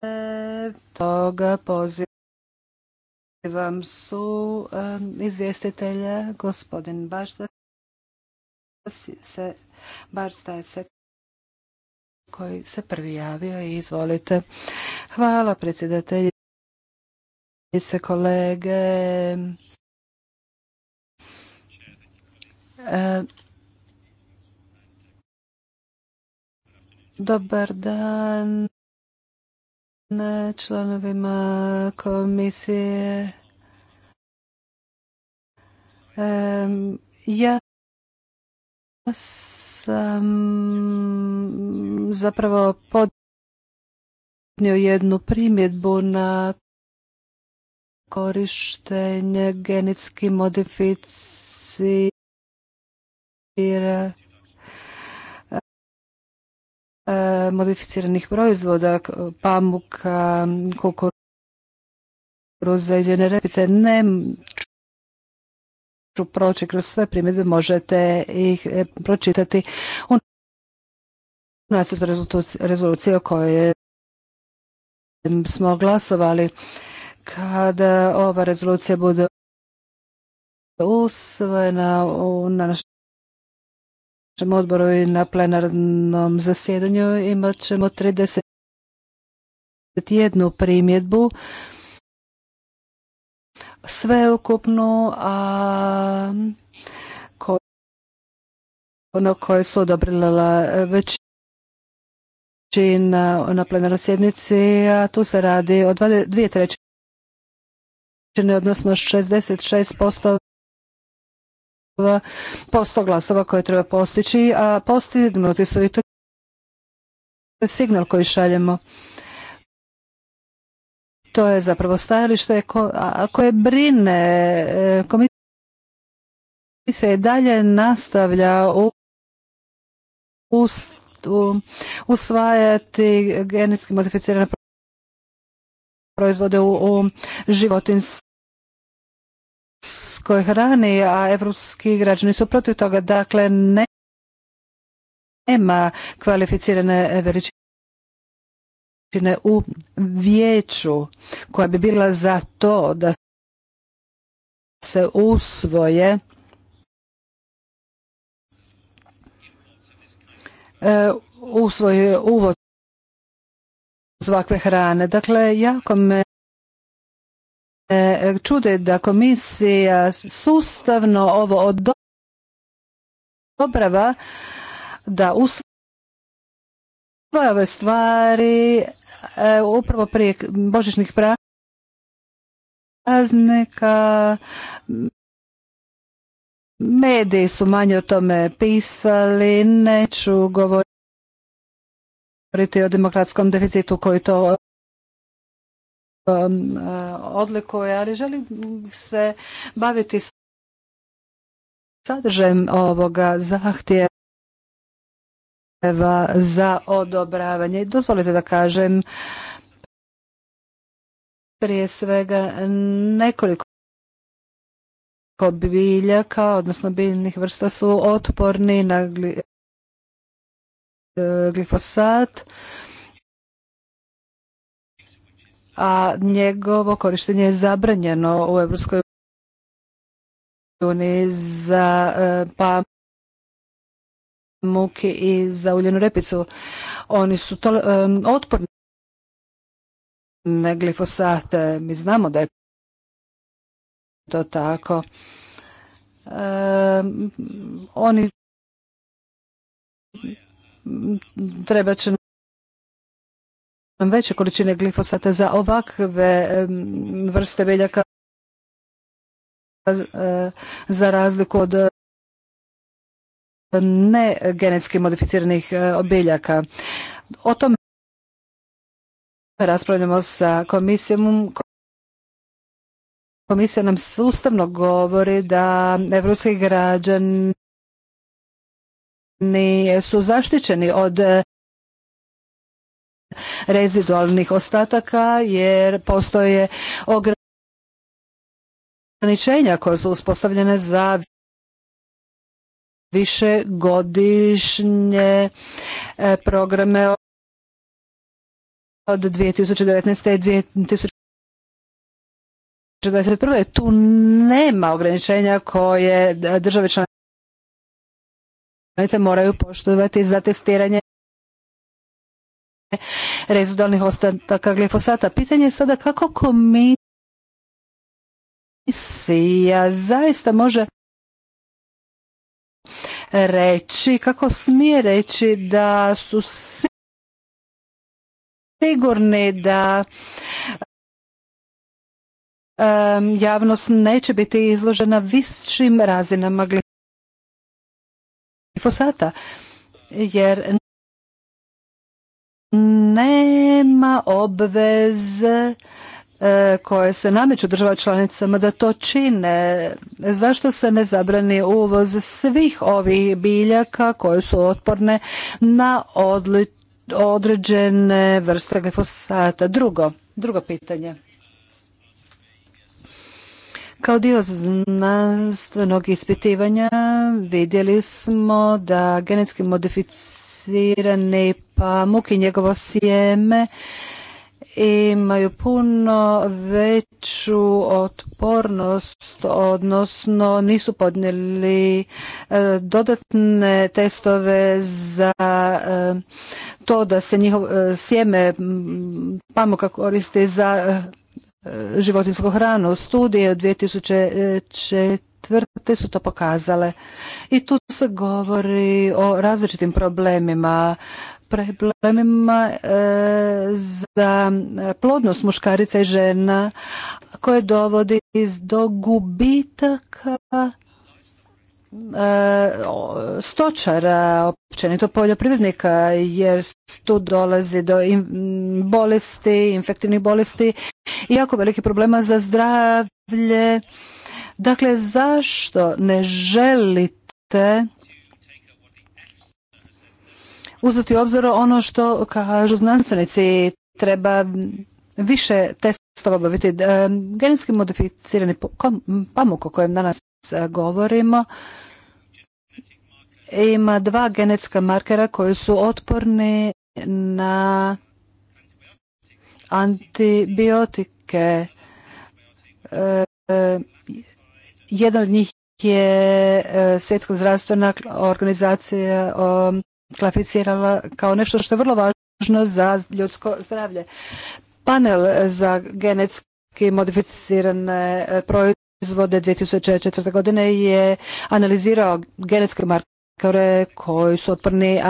Speaker 2: E, toga pozivam su e, izvjestitelja gospodin Bašta se Barstaj se koji se prvi javio i izvolite. Hvala predsjedateljice, kolege. E, dobar dan članovima komisije. E, ja sam zapravo podnio jednu primjedbu na korištenje genetski modificira e, modificiranih proizvoda, pamuka, kukuruza i ljene repice. Ne ću proći kroz sve primjedbe, možete ih e, pročitati nacrt rezolucije o kojoj smo glasovali. Kada ova rezolucija bude usvojena na našem odboru i na plenarnom zasjedanju, imat ćemo 31 primjedbu sveukupnu, a ono koje su odobrila već na, e, na plenarnoj sjednici, a tu se radi o dvije trećine, odnosno 66% posto glasova koje treba postići, a postignuti su i to signal koji šaljemo. To je zapravo stajalište koje brine e, komisija i dalje nastavlja u, u usvajati genetski modificirane proizvode u, u koje hrani, a evropski građani su protiv toga. Dakle, ne nema kvalificirane veličine u vijeću koja bi bila za to da se usvoje E, u svoj uvoz svakve hrane. Dakle, jako me e, čude da komisija sustavno ovo odobrava da usvoje ove stvari e, upravo prije božićnih praznika Mediji su manje o tome pisali, neću govoriti o demokratskom deficitu koji to um, uh, odlikuje, ali želim se baviti sadržajem ovoga zahtjeva za odobravanje. Dozvolite da kažem prije svega nekoliko biljaka, odnosno biljnih vrsta su otporni na e, glifosat, a njegovo korištenje je zabranjeno u Europskoj uniji za e, pa muki i za uljenu repicu. Oni su e, otporni na glifosate. Mi znamo da je to tako. oni treba će nam veće količine glifosata za ovakve vrste beljaka za razliku od ne genetski modificiranih biljaka. O tome raspravljamo sa komisijom Komisija nam sustavno govori da evropski građani su zaštićeni od eh, rezidualnih ostataka jer postoje ograničenja koje su uspostavljene za godišnje eh, programe od 2019. i 2021. tu nema ograničenja koje države članice moraju poštovati za testiranje rezidualnih ostataka glifosata. Pitanje je sada kako komisija zaista može reći, kako smije reći da su sigurni da javnost neće biti izložena višim razinama glifosata jer nema obvez e, koje se nameću država članicama da to čine. Zašto se ne zabrani uvoz svih ovih biljaka koje su otporne na određene vrste glifosata? Drugo, drugo pitanje. Kao dio znanstvenog ispitivanja vidjeli smo da genetski modificirani pamuk i njegovo sjeme imaju puno veću otpornost, odnosno nisu podnijeli e, dodatne testove za e, to da se njihovo e, sjeme pamuka koristi za životinsku hranu. Studije od 2004 su to pokazale. I tu se govori o različitim problemima, problemima e, za plodnost muškarica i žena koje dovodi do gubitaka E, stočara, općenito poljoprivrednika, jer tu dolazi do bolesti, infektivnih bolesti i jako veliki problema za zdravlje. Dakle, zašto ne želite uzeti u obzir ono što kažu znanstvenici, treba više testova obaviti. E, genetski modificirani pamuk o kojem danas govorimo ima dva genetska markera koji su otporni na antibiotike. E, e, jedan od njih je e, Svjetska zdravstvena organizacija klasificirala kao nešto što je vrlo važno za ljudsko zdravlje. Panel za genetski modificirane proizvode izvode 2004. godine je analizirao genetske markere koji su otporni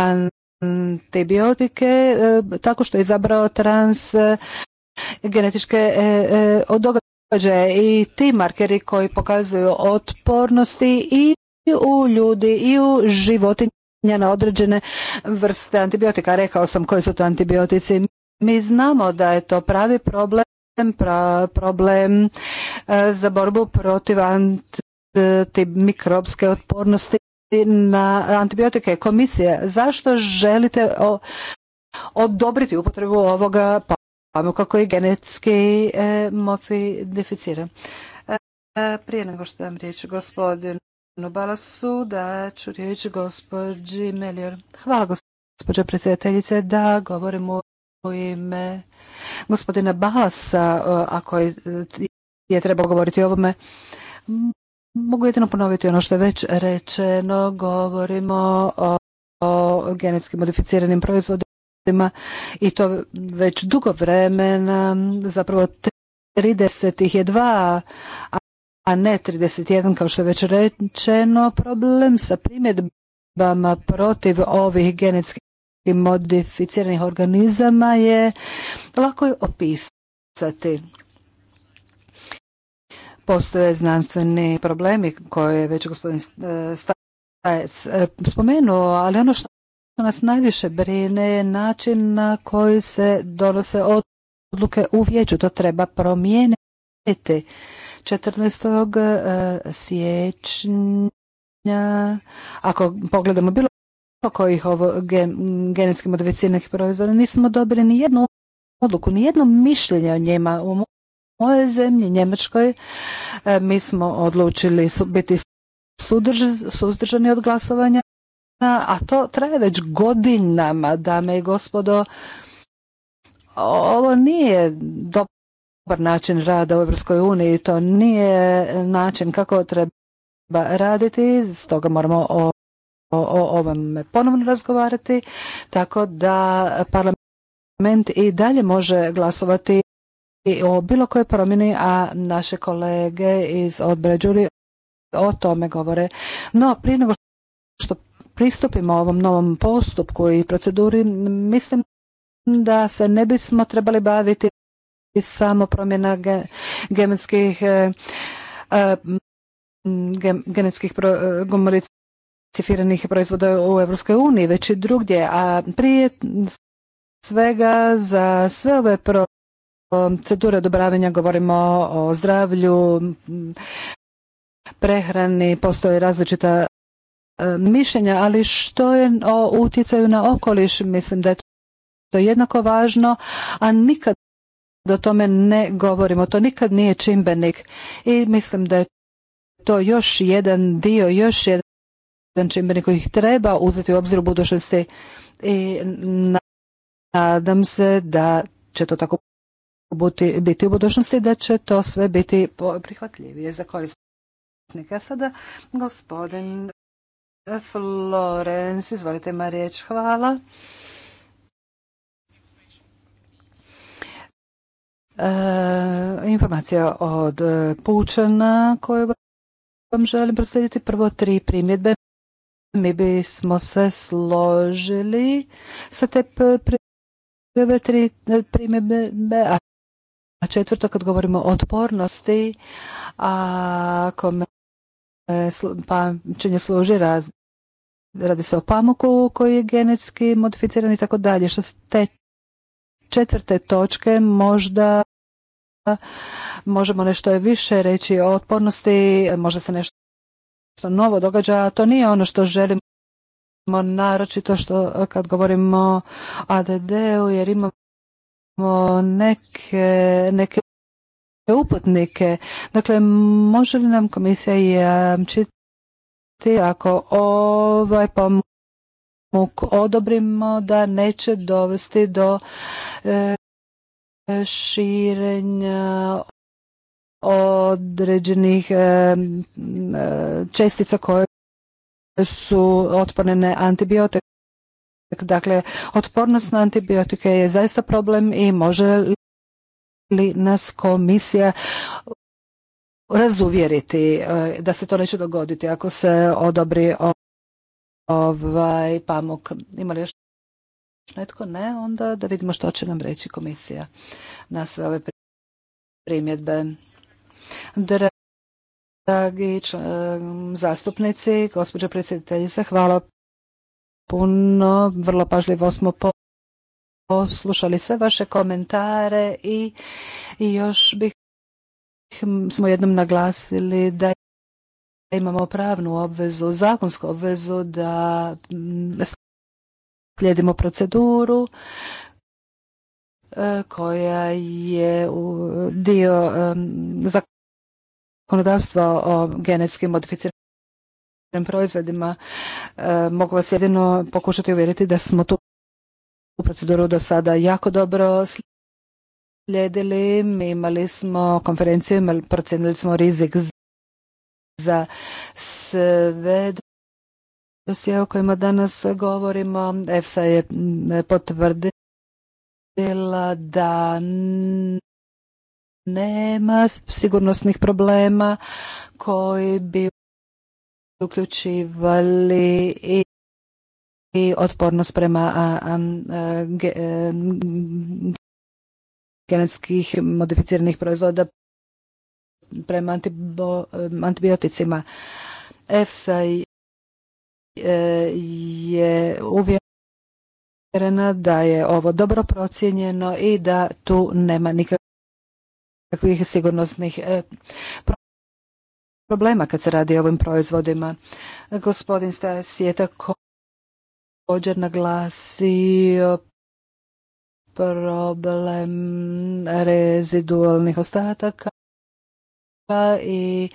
Speaker 2: antibiotike e, tako što je izabrao trans e, genetičke e, događaje i ti markeri koji pokazuju otpornosti i u ljudi i u životinje na određene vrste antibiotika. Rekao sam koji su to antibiotici. Mi znamo da je to pravi problem problem e, za borbu protiv mikrobske otpornosti na antibiotike. Komisije, zašto želite odobriti upotrebu ovoga kako koji genetski e, modificira? E, prije nego što vam riječ gospodinu Balasu, da ću riječ gospođi Melior. Hvala gospođo predsjedateljice da govorimo u ime gospodina Balasa, ako je, je trebao govoriti o ovome, mogu jedino ponoviti ono što je već rečeno. Govorimo o, genetski modificiranim proizvodima i to već dugo vremena, zapravo 30 je dva, a ne 31 kao što je već rečeno problem sa primjedbama protiv ovih genetskih i modificiranih organizama je lako je opisati. Postoje znanstveni problemi koje je već gospodin Stajec e, spomenuo, ali ono što nas najviše brine je način na koji se donose odluke u vijeću. To treba promijeniti. 14. E, siječnja, ako pogledamo bilo po kojih ovo, genetski modificiranih proizvoda. Nismo dobili ni jednu odluku, ni jedno mišljenje o njima. U mojoj zemlji, Njemačkoj, e, mi smo odlučili biti suzdržani od glasovanja, a to traje već godinama, dame i gospodo. Ovo nije dobar način rada u Europskoj uniji, to nije način kako treba raditi, stoga moramo o ovom ponovno razgovarati, tako da parlament i dalje može glasovati o bilo kojoj promjeni, a naše kolege iz odbora o tome govore. No, prije nego što pristupimo ovom novom postupku i proceduri, mislim da se ne bismo trebali baviti samo promjena genetskih eh, eh, genetskih eh, certificiranih proizvoda u EU, uniji, već i drugdje, a prije svega za sve ove procedure odobravanja govorimo o zdravlju, prehrani, postoje različita e, mišljenja, ali što je o utjecaju na okoliš, mislim da je to jednako važno, a nikad o tome ne govorimo. To nikad nije čimbenik i mislim da je to još jedan dio, još jedan jedan čimbenik koji ih treba uzeti u obzir u budućnosti i nadam se da će to tako biti, u budućnosti da će to sve biti prihvatljivije za korisnika. Sada gospodin Florence, izvolite ma riječ, hvala. E, informacija od Pučana koju vam želim proslijediti. Prvo tri primjedbe mi bismo se složili sa te prve tri a četvrto kad govorimo o otpornosti, a ako me e, služi radi se o pamuku koji je genetski modificiran i tako dalje. Što se te četvrte točke možda možemo nešto više reći o otpornosti, možda se nešto što novo događa, a to nije ono što želimo naročito što eh, kad govorimo o ADD-u jer imamo neke, neke uputnike. Dakle, može li nam komisija jamčiti ako ovaj pomuk odobrimo da neće dovesti do eh, širenja određenih čestica koje su otporne na antibiotike. Dakle, otpornost na antibiotike je zaista problem i može li nas komisija razuvjeriti e, da se to neće dogoditi ako se odobri ovaj pamuk. Ima li još netko? Ne, onda da vidimo što će nam reći komisija na sve ove primjedbe. Dragi zastupnici, gospođo predsjediteljice, hvala puno. Vrlo pažljivo smo poslušali sve vaše komentare i, još bih smo jednom naglasili da imamo pravnu obvezu, zakonsku obvezu da slijedimo proceduru e, koja je dio zakonodavstva o genetski modificiranim proizvodima, e, mogu vas jedino pokušati uvjeriti da smo tu proceduru do sada jako dobro slijedili. Imali smo konferenciju, imali, procenili smo rizik za sve dosije o kojima danas govorimo. EFSA je potvrdila da nema sigurnosnih problema koji bi uključivali i otpornost prema e, genetskih modificiranih proizvoda prema antibioticima. EFSA e, je uvjerena da je ovo dobro procijenjeno i da tu nema nikakve takvih sigurnosnih e, problema kad se radi o ovim proizvodima. Gospodin Stas je također naglasio problem rezidualnih ostataka i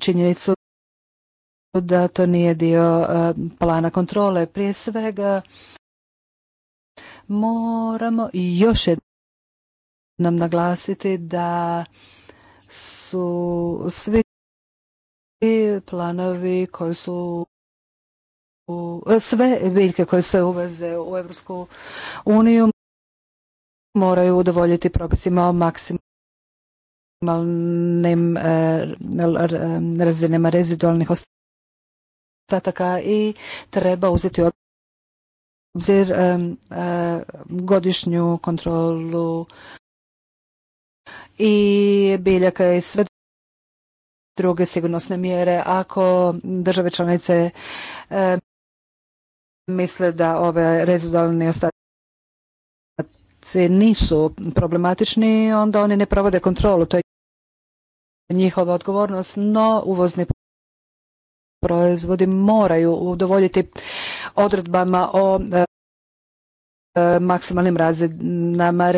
Speaker 2: činjenicu da to nije dio e, plana kontrole. Prije svega moramo još jedno nam naglasiti da su svi planovi koji su sve biljke koje se uveze u Europsku uniju moraju udovoljiti propisima o maksimalnim eh, razinama rezidualnih ostataka i treba uzeti obzir eh, eh, godišnju kontrolu i biljaka i sve druge sigurnosne mjere ako države članice e, misle da ove rezidualni ostaci nisu problematični, onda oni ne provode kontrolu. To je njihova odgovornost, no uvozni proizvodi moraju udovoljiti odredbama o e, maksimalnim razinama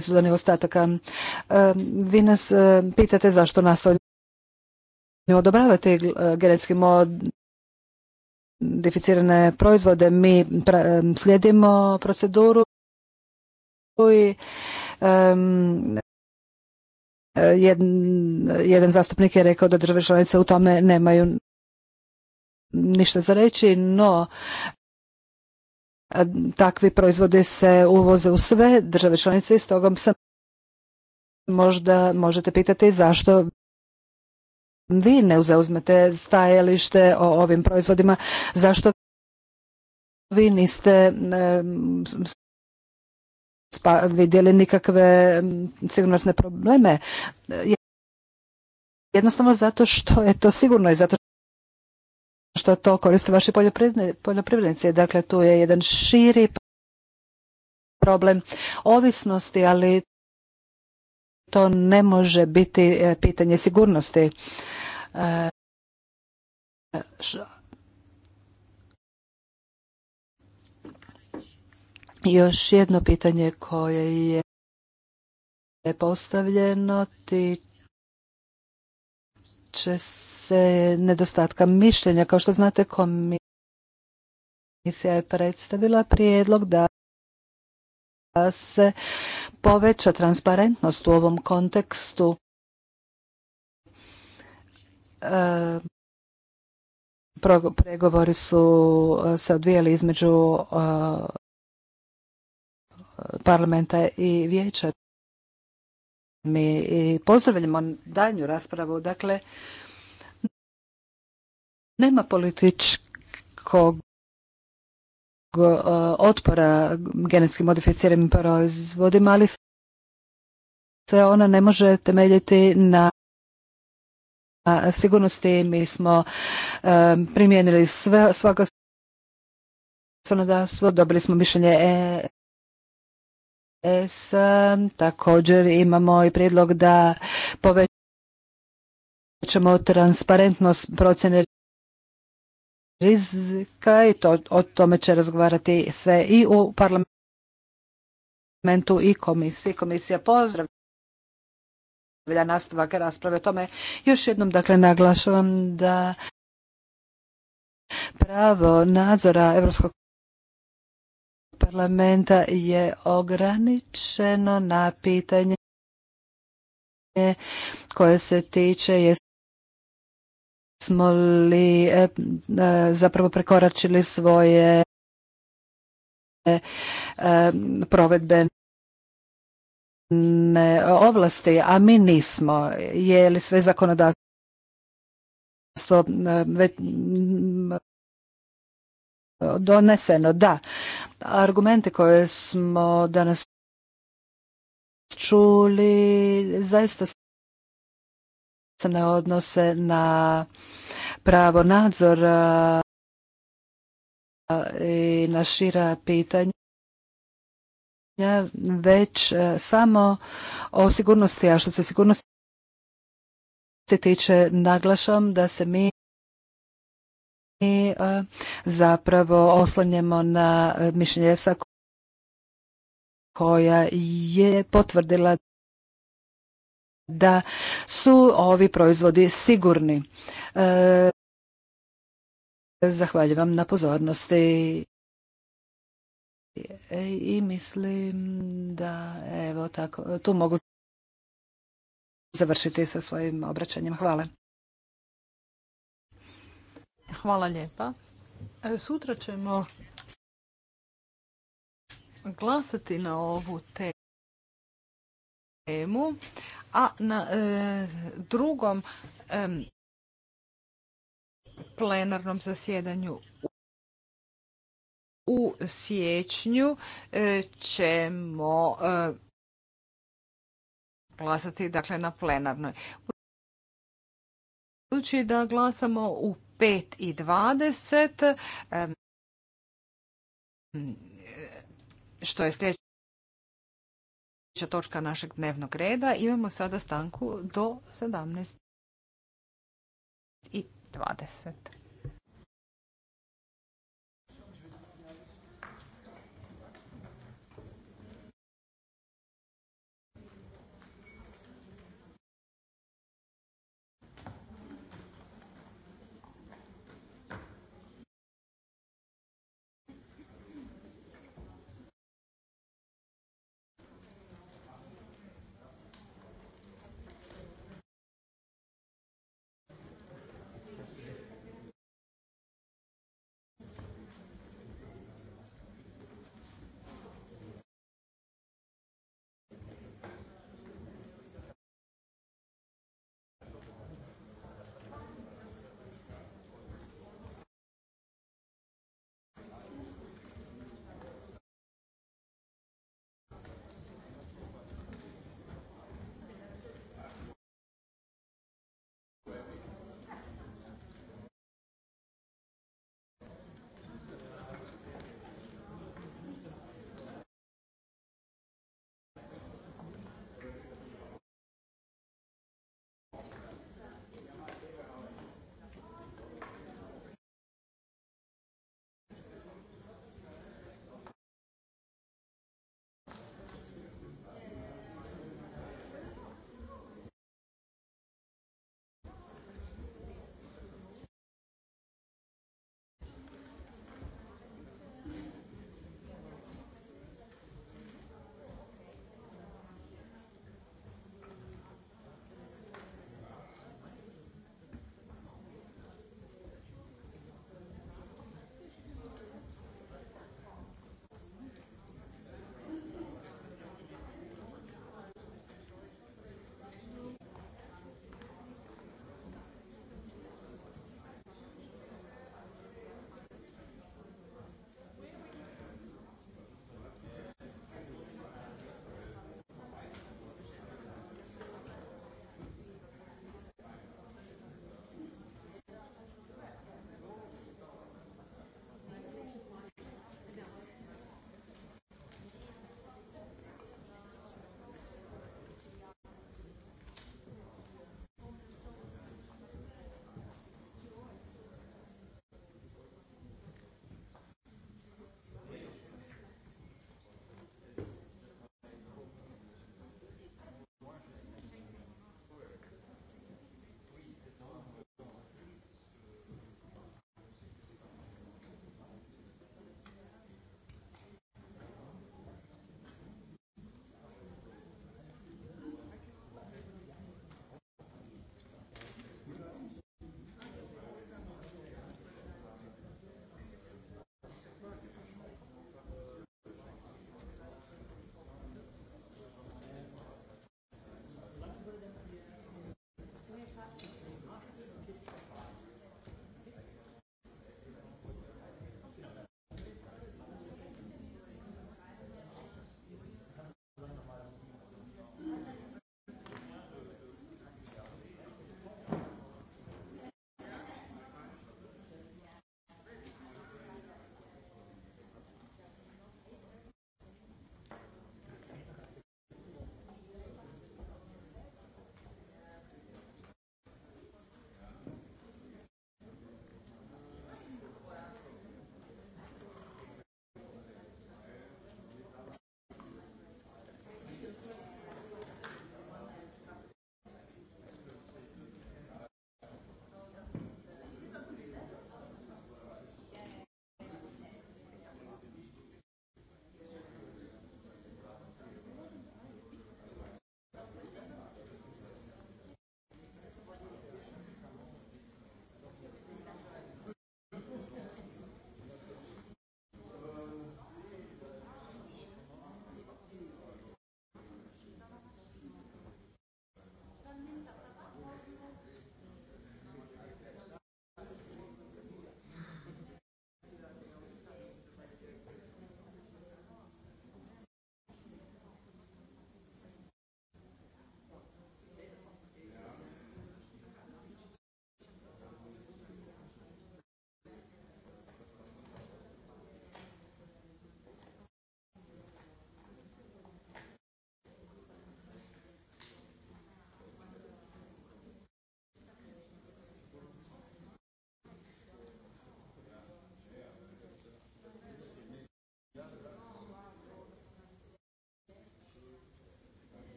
Speaker 2: sudanih ostataka. E, vi nas e, pitate zašto nastavljamo odobravati e, genetski modificirane proizvode. Mi slijedimo proceduru i jedan zastupnik je rekao da države članice u tome nemaju ništa za reći, no Takvi proizvodi se uvoze u sve države članice i stoga se možda možete pitati zašto vi ne zauzmete stajalište o ovim proizvodima, zašto vi niste vidjeli nikakve sigurnosne probleme. Jednostavno zato što je to sigurno i zato što to koriste vaši poljoprivrednice. Dakle, tu je jedan širi problem ovisnosti, ali to ne može biti e, pitanje sigurnosti. E, još jedno pitanje koje je postavljeno ti tiče se nedostatka mišljenja. Kao što znate, komisija je predstavila prijedlog da se poveća transparentnost u ovom kontekstu e, pregovori su e, se odvijali između e, parlamenta i vijeća mi pozdravljamo daljnju raspravu. Dakle, nema političkog eh, otpora genetski modificiranim proizvodima, ali se ona ne može temeljiti na sigurnosti. Mi smo eh, primijenili sve, svako zakonodavstvo, dobili smo mišljenje s, također imamo i prijedlog da povećamo transparentnost procjene rizika i to, o tome će razgovarati se i u parlamentu i komisiji. Komisija pozdravlja nastavak rasprave o tome. Još jednom dakle naglašavam da pravo nadzora Europskog parlamenta je ograničeno na pitanje koje se tiče jesmo li e, e, zapravo prekoračili svoje e, provedbe ovlasti, a mi nismo. Je li sve zakonodavstvo doneseno, da. Argumente koje smo danas čuli zaista se ne odnose na pravo nadzora i na šira pitanja već e, samo o sigurnosti, a što se sigurnosti tiče naglašam da se mi mi e, zapravo oslanjemo na e, mišljenje EFSA koja je potvrdila da su ovi proizvodi sigurni. E, zahvaljujem vam na pozornosti i mislim da evo tako, tu mogu završiti sa svojim obraćanjem. Hvala. Hvala lijepa. E, sutra ćemo glasati na ovu temu, a na e, drugom e, plenarnom zasjedanju u siječnju ćemo glasati dakle na plenarnoj. Budući da glasamo u 5 i 20, što je sljedeća točka našeg dnevnog reda. Imamo sada stanku do 17 i
Speaker 1: 20.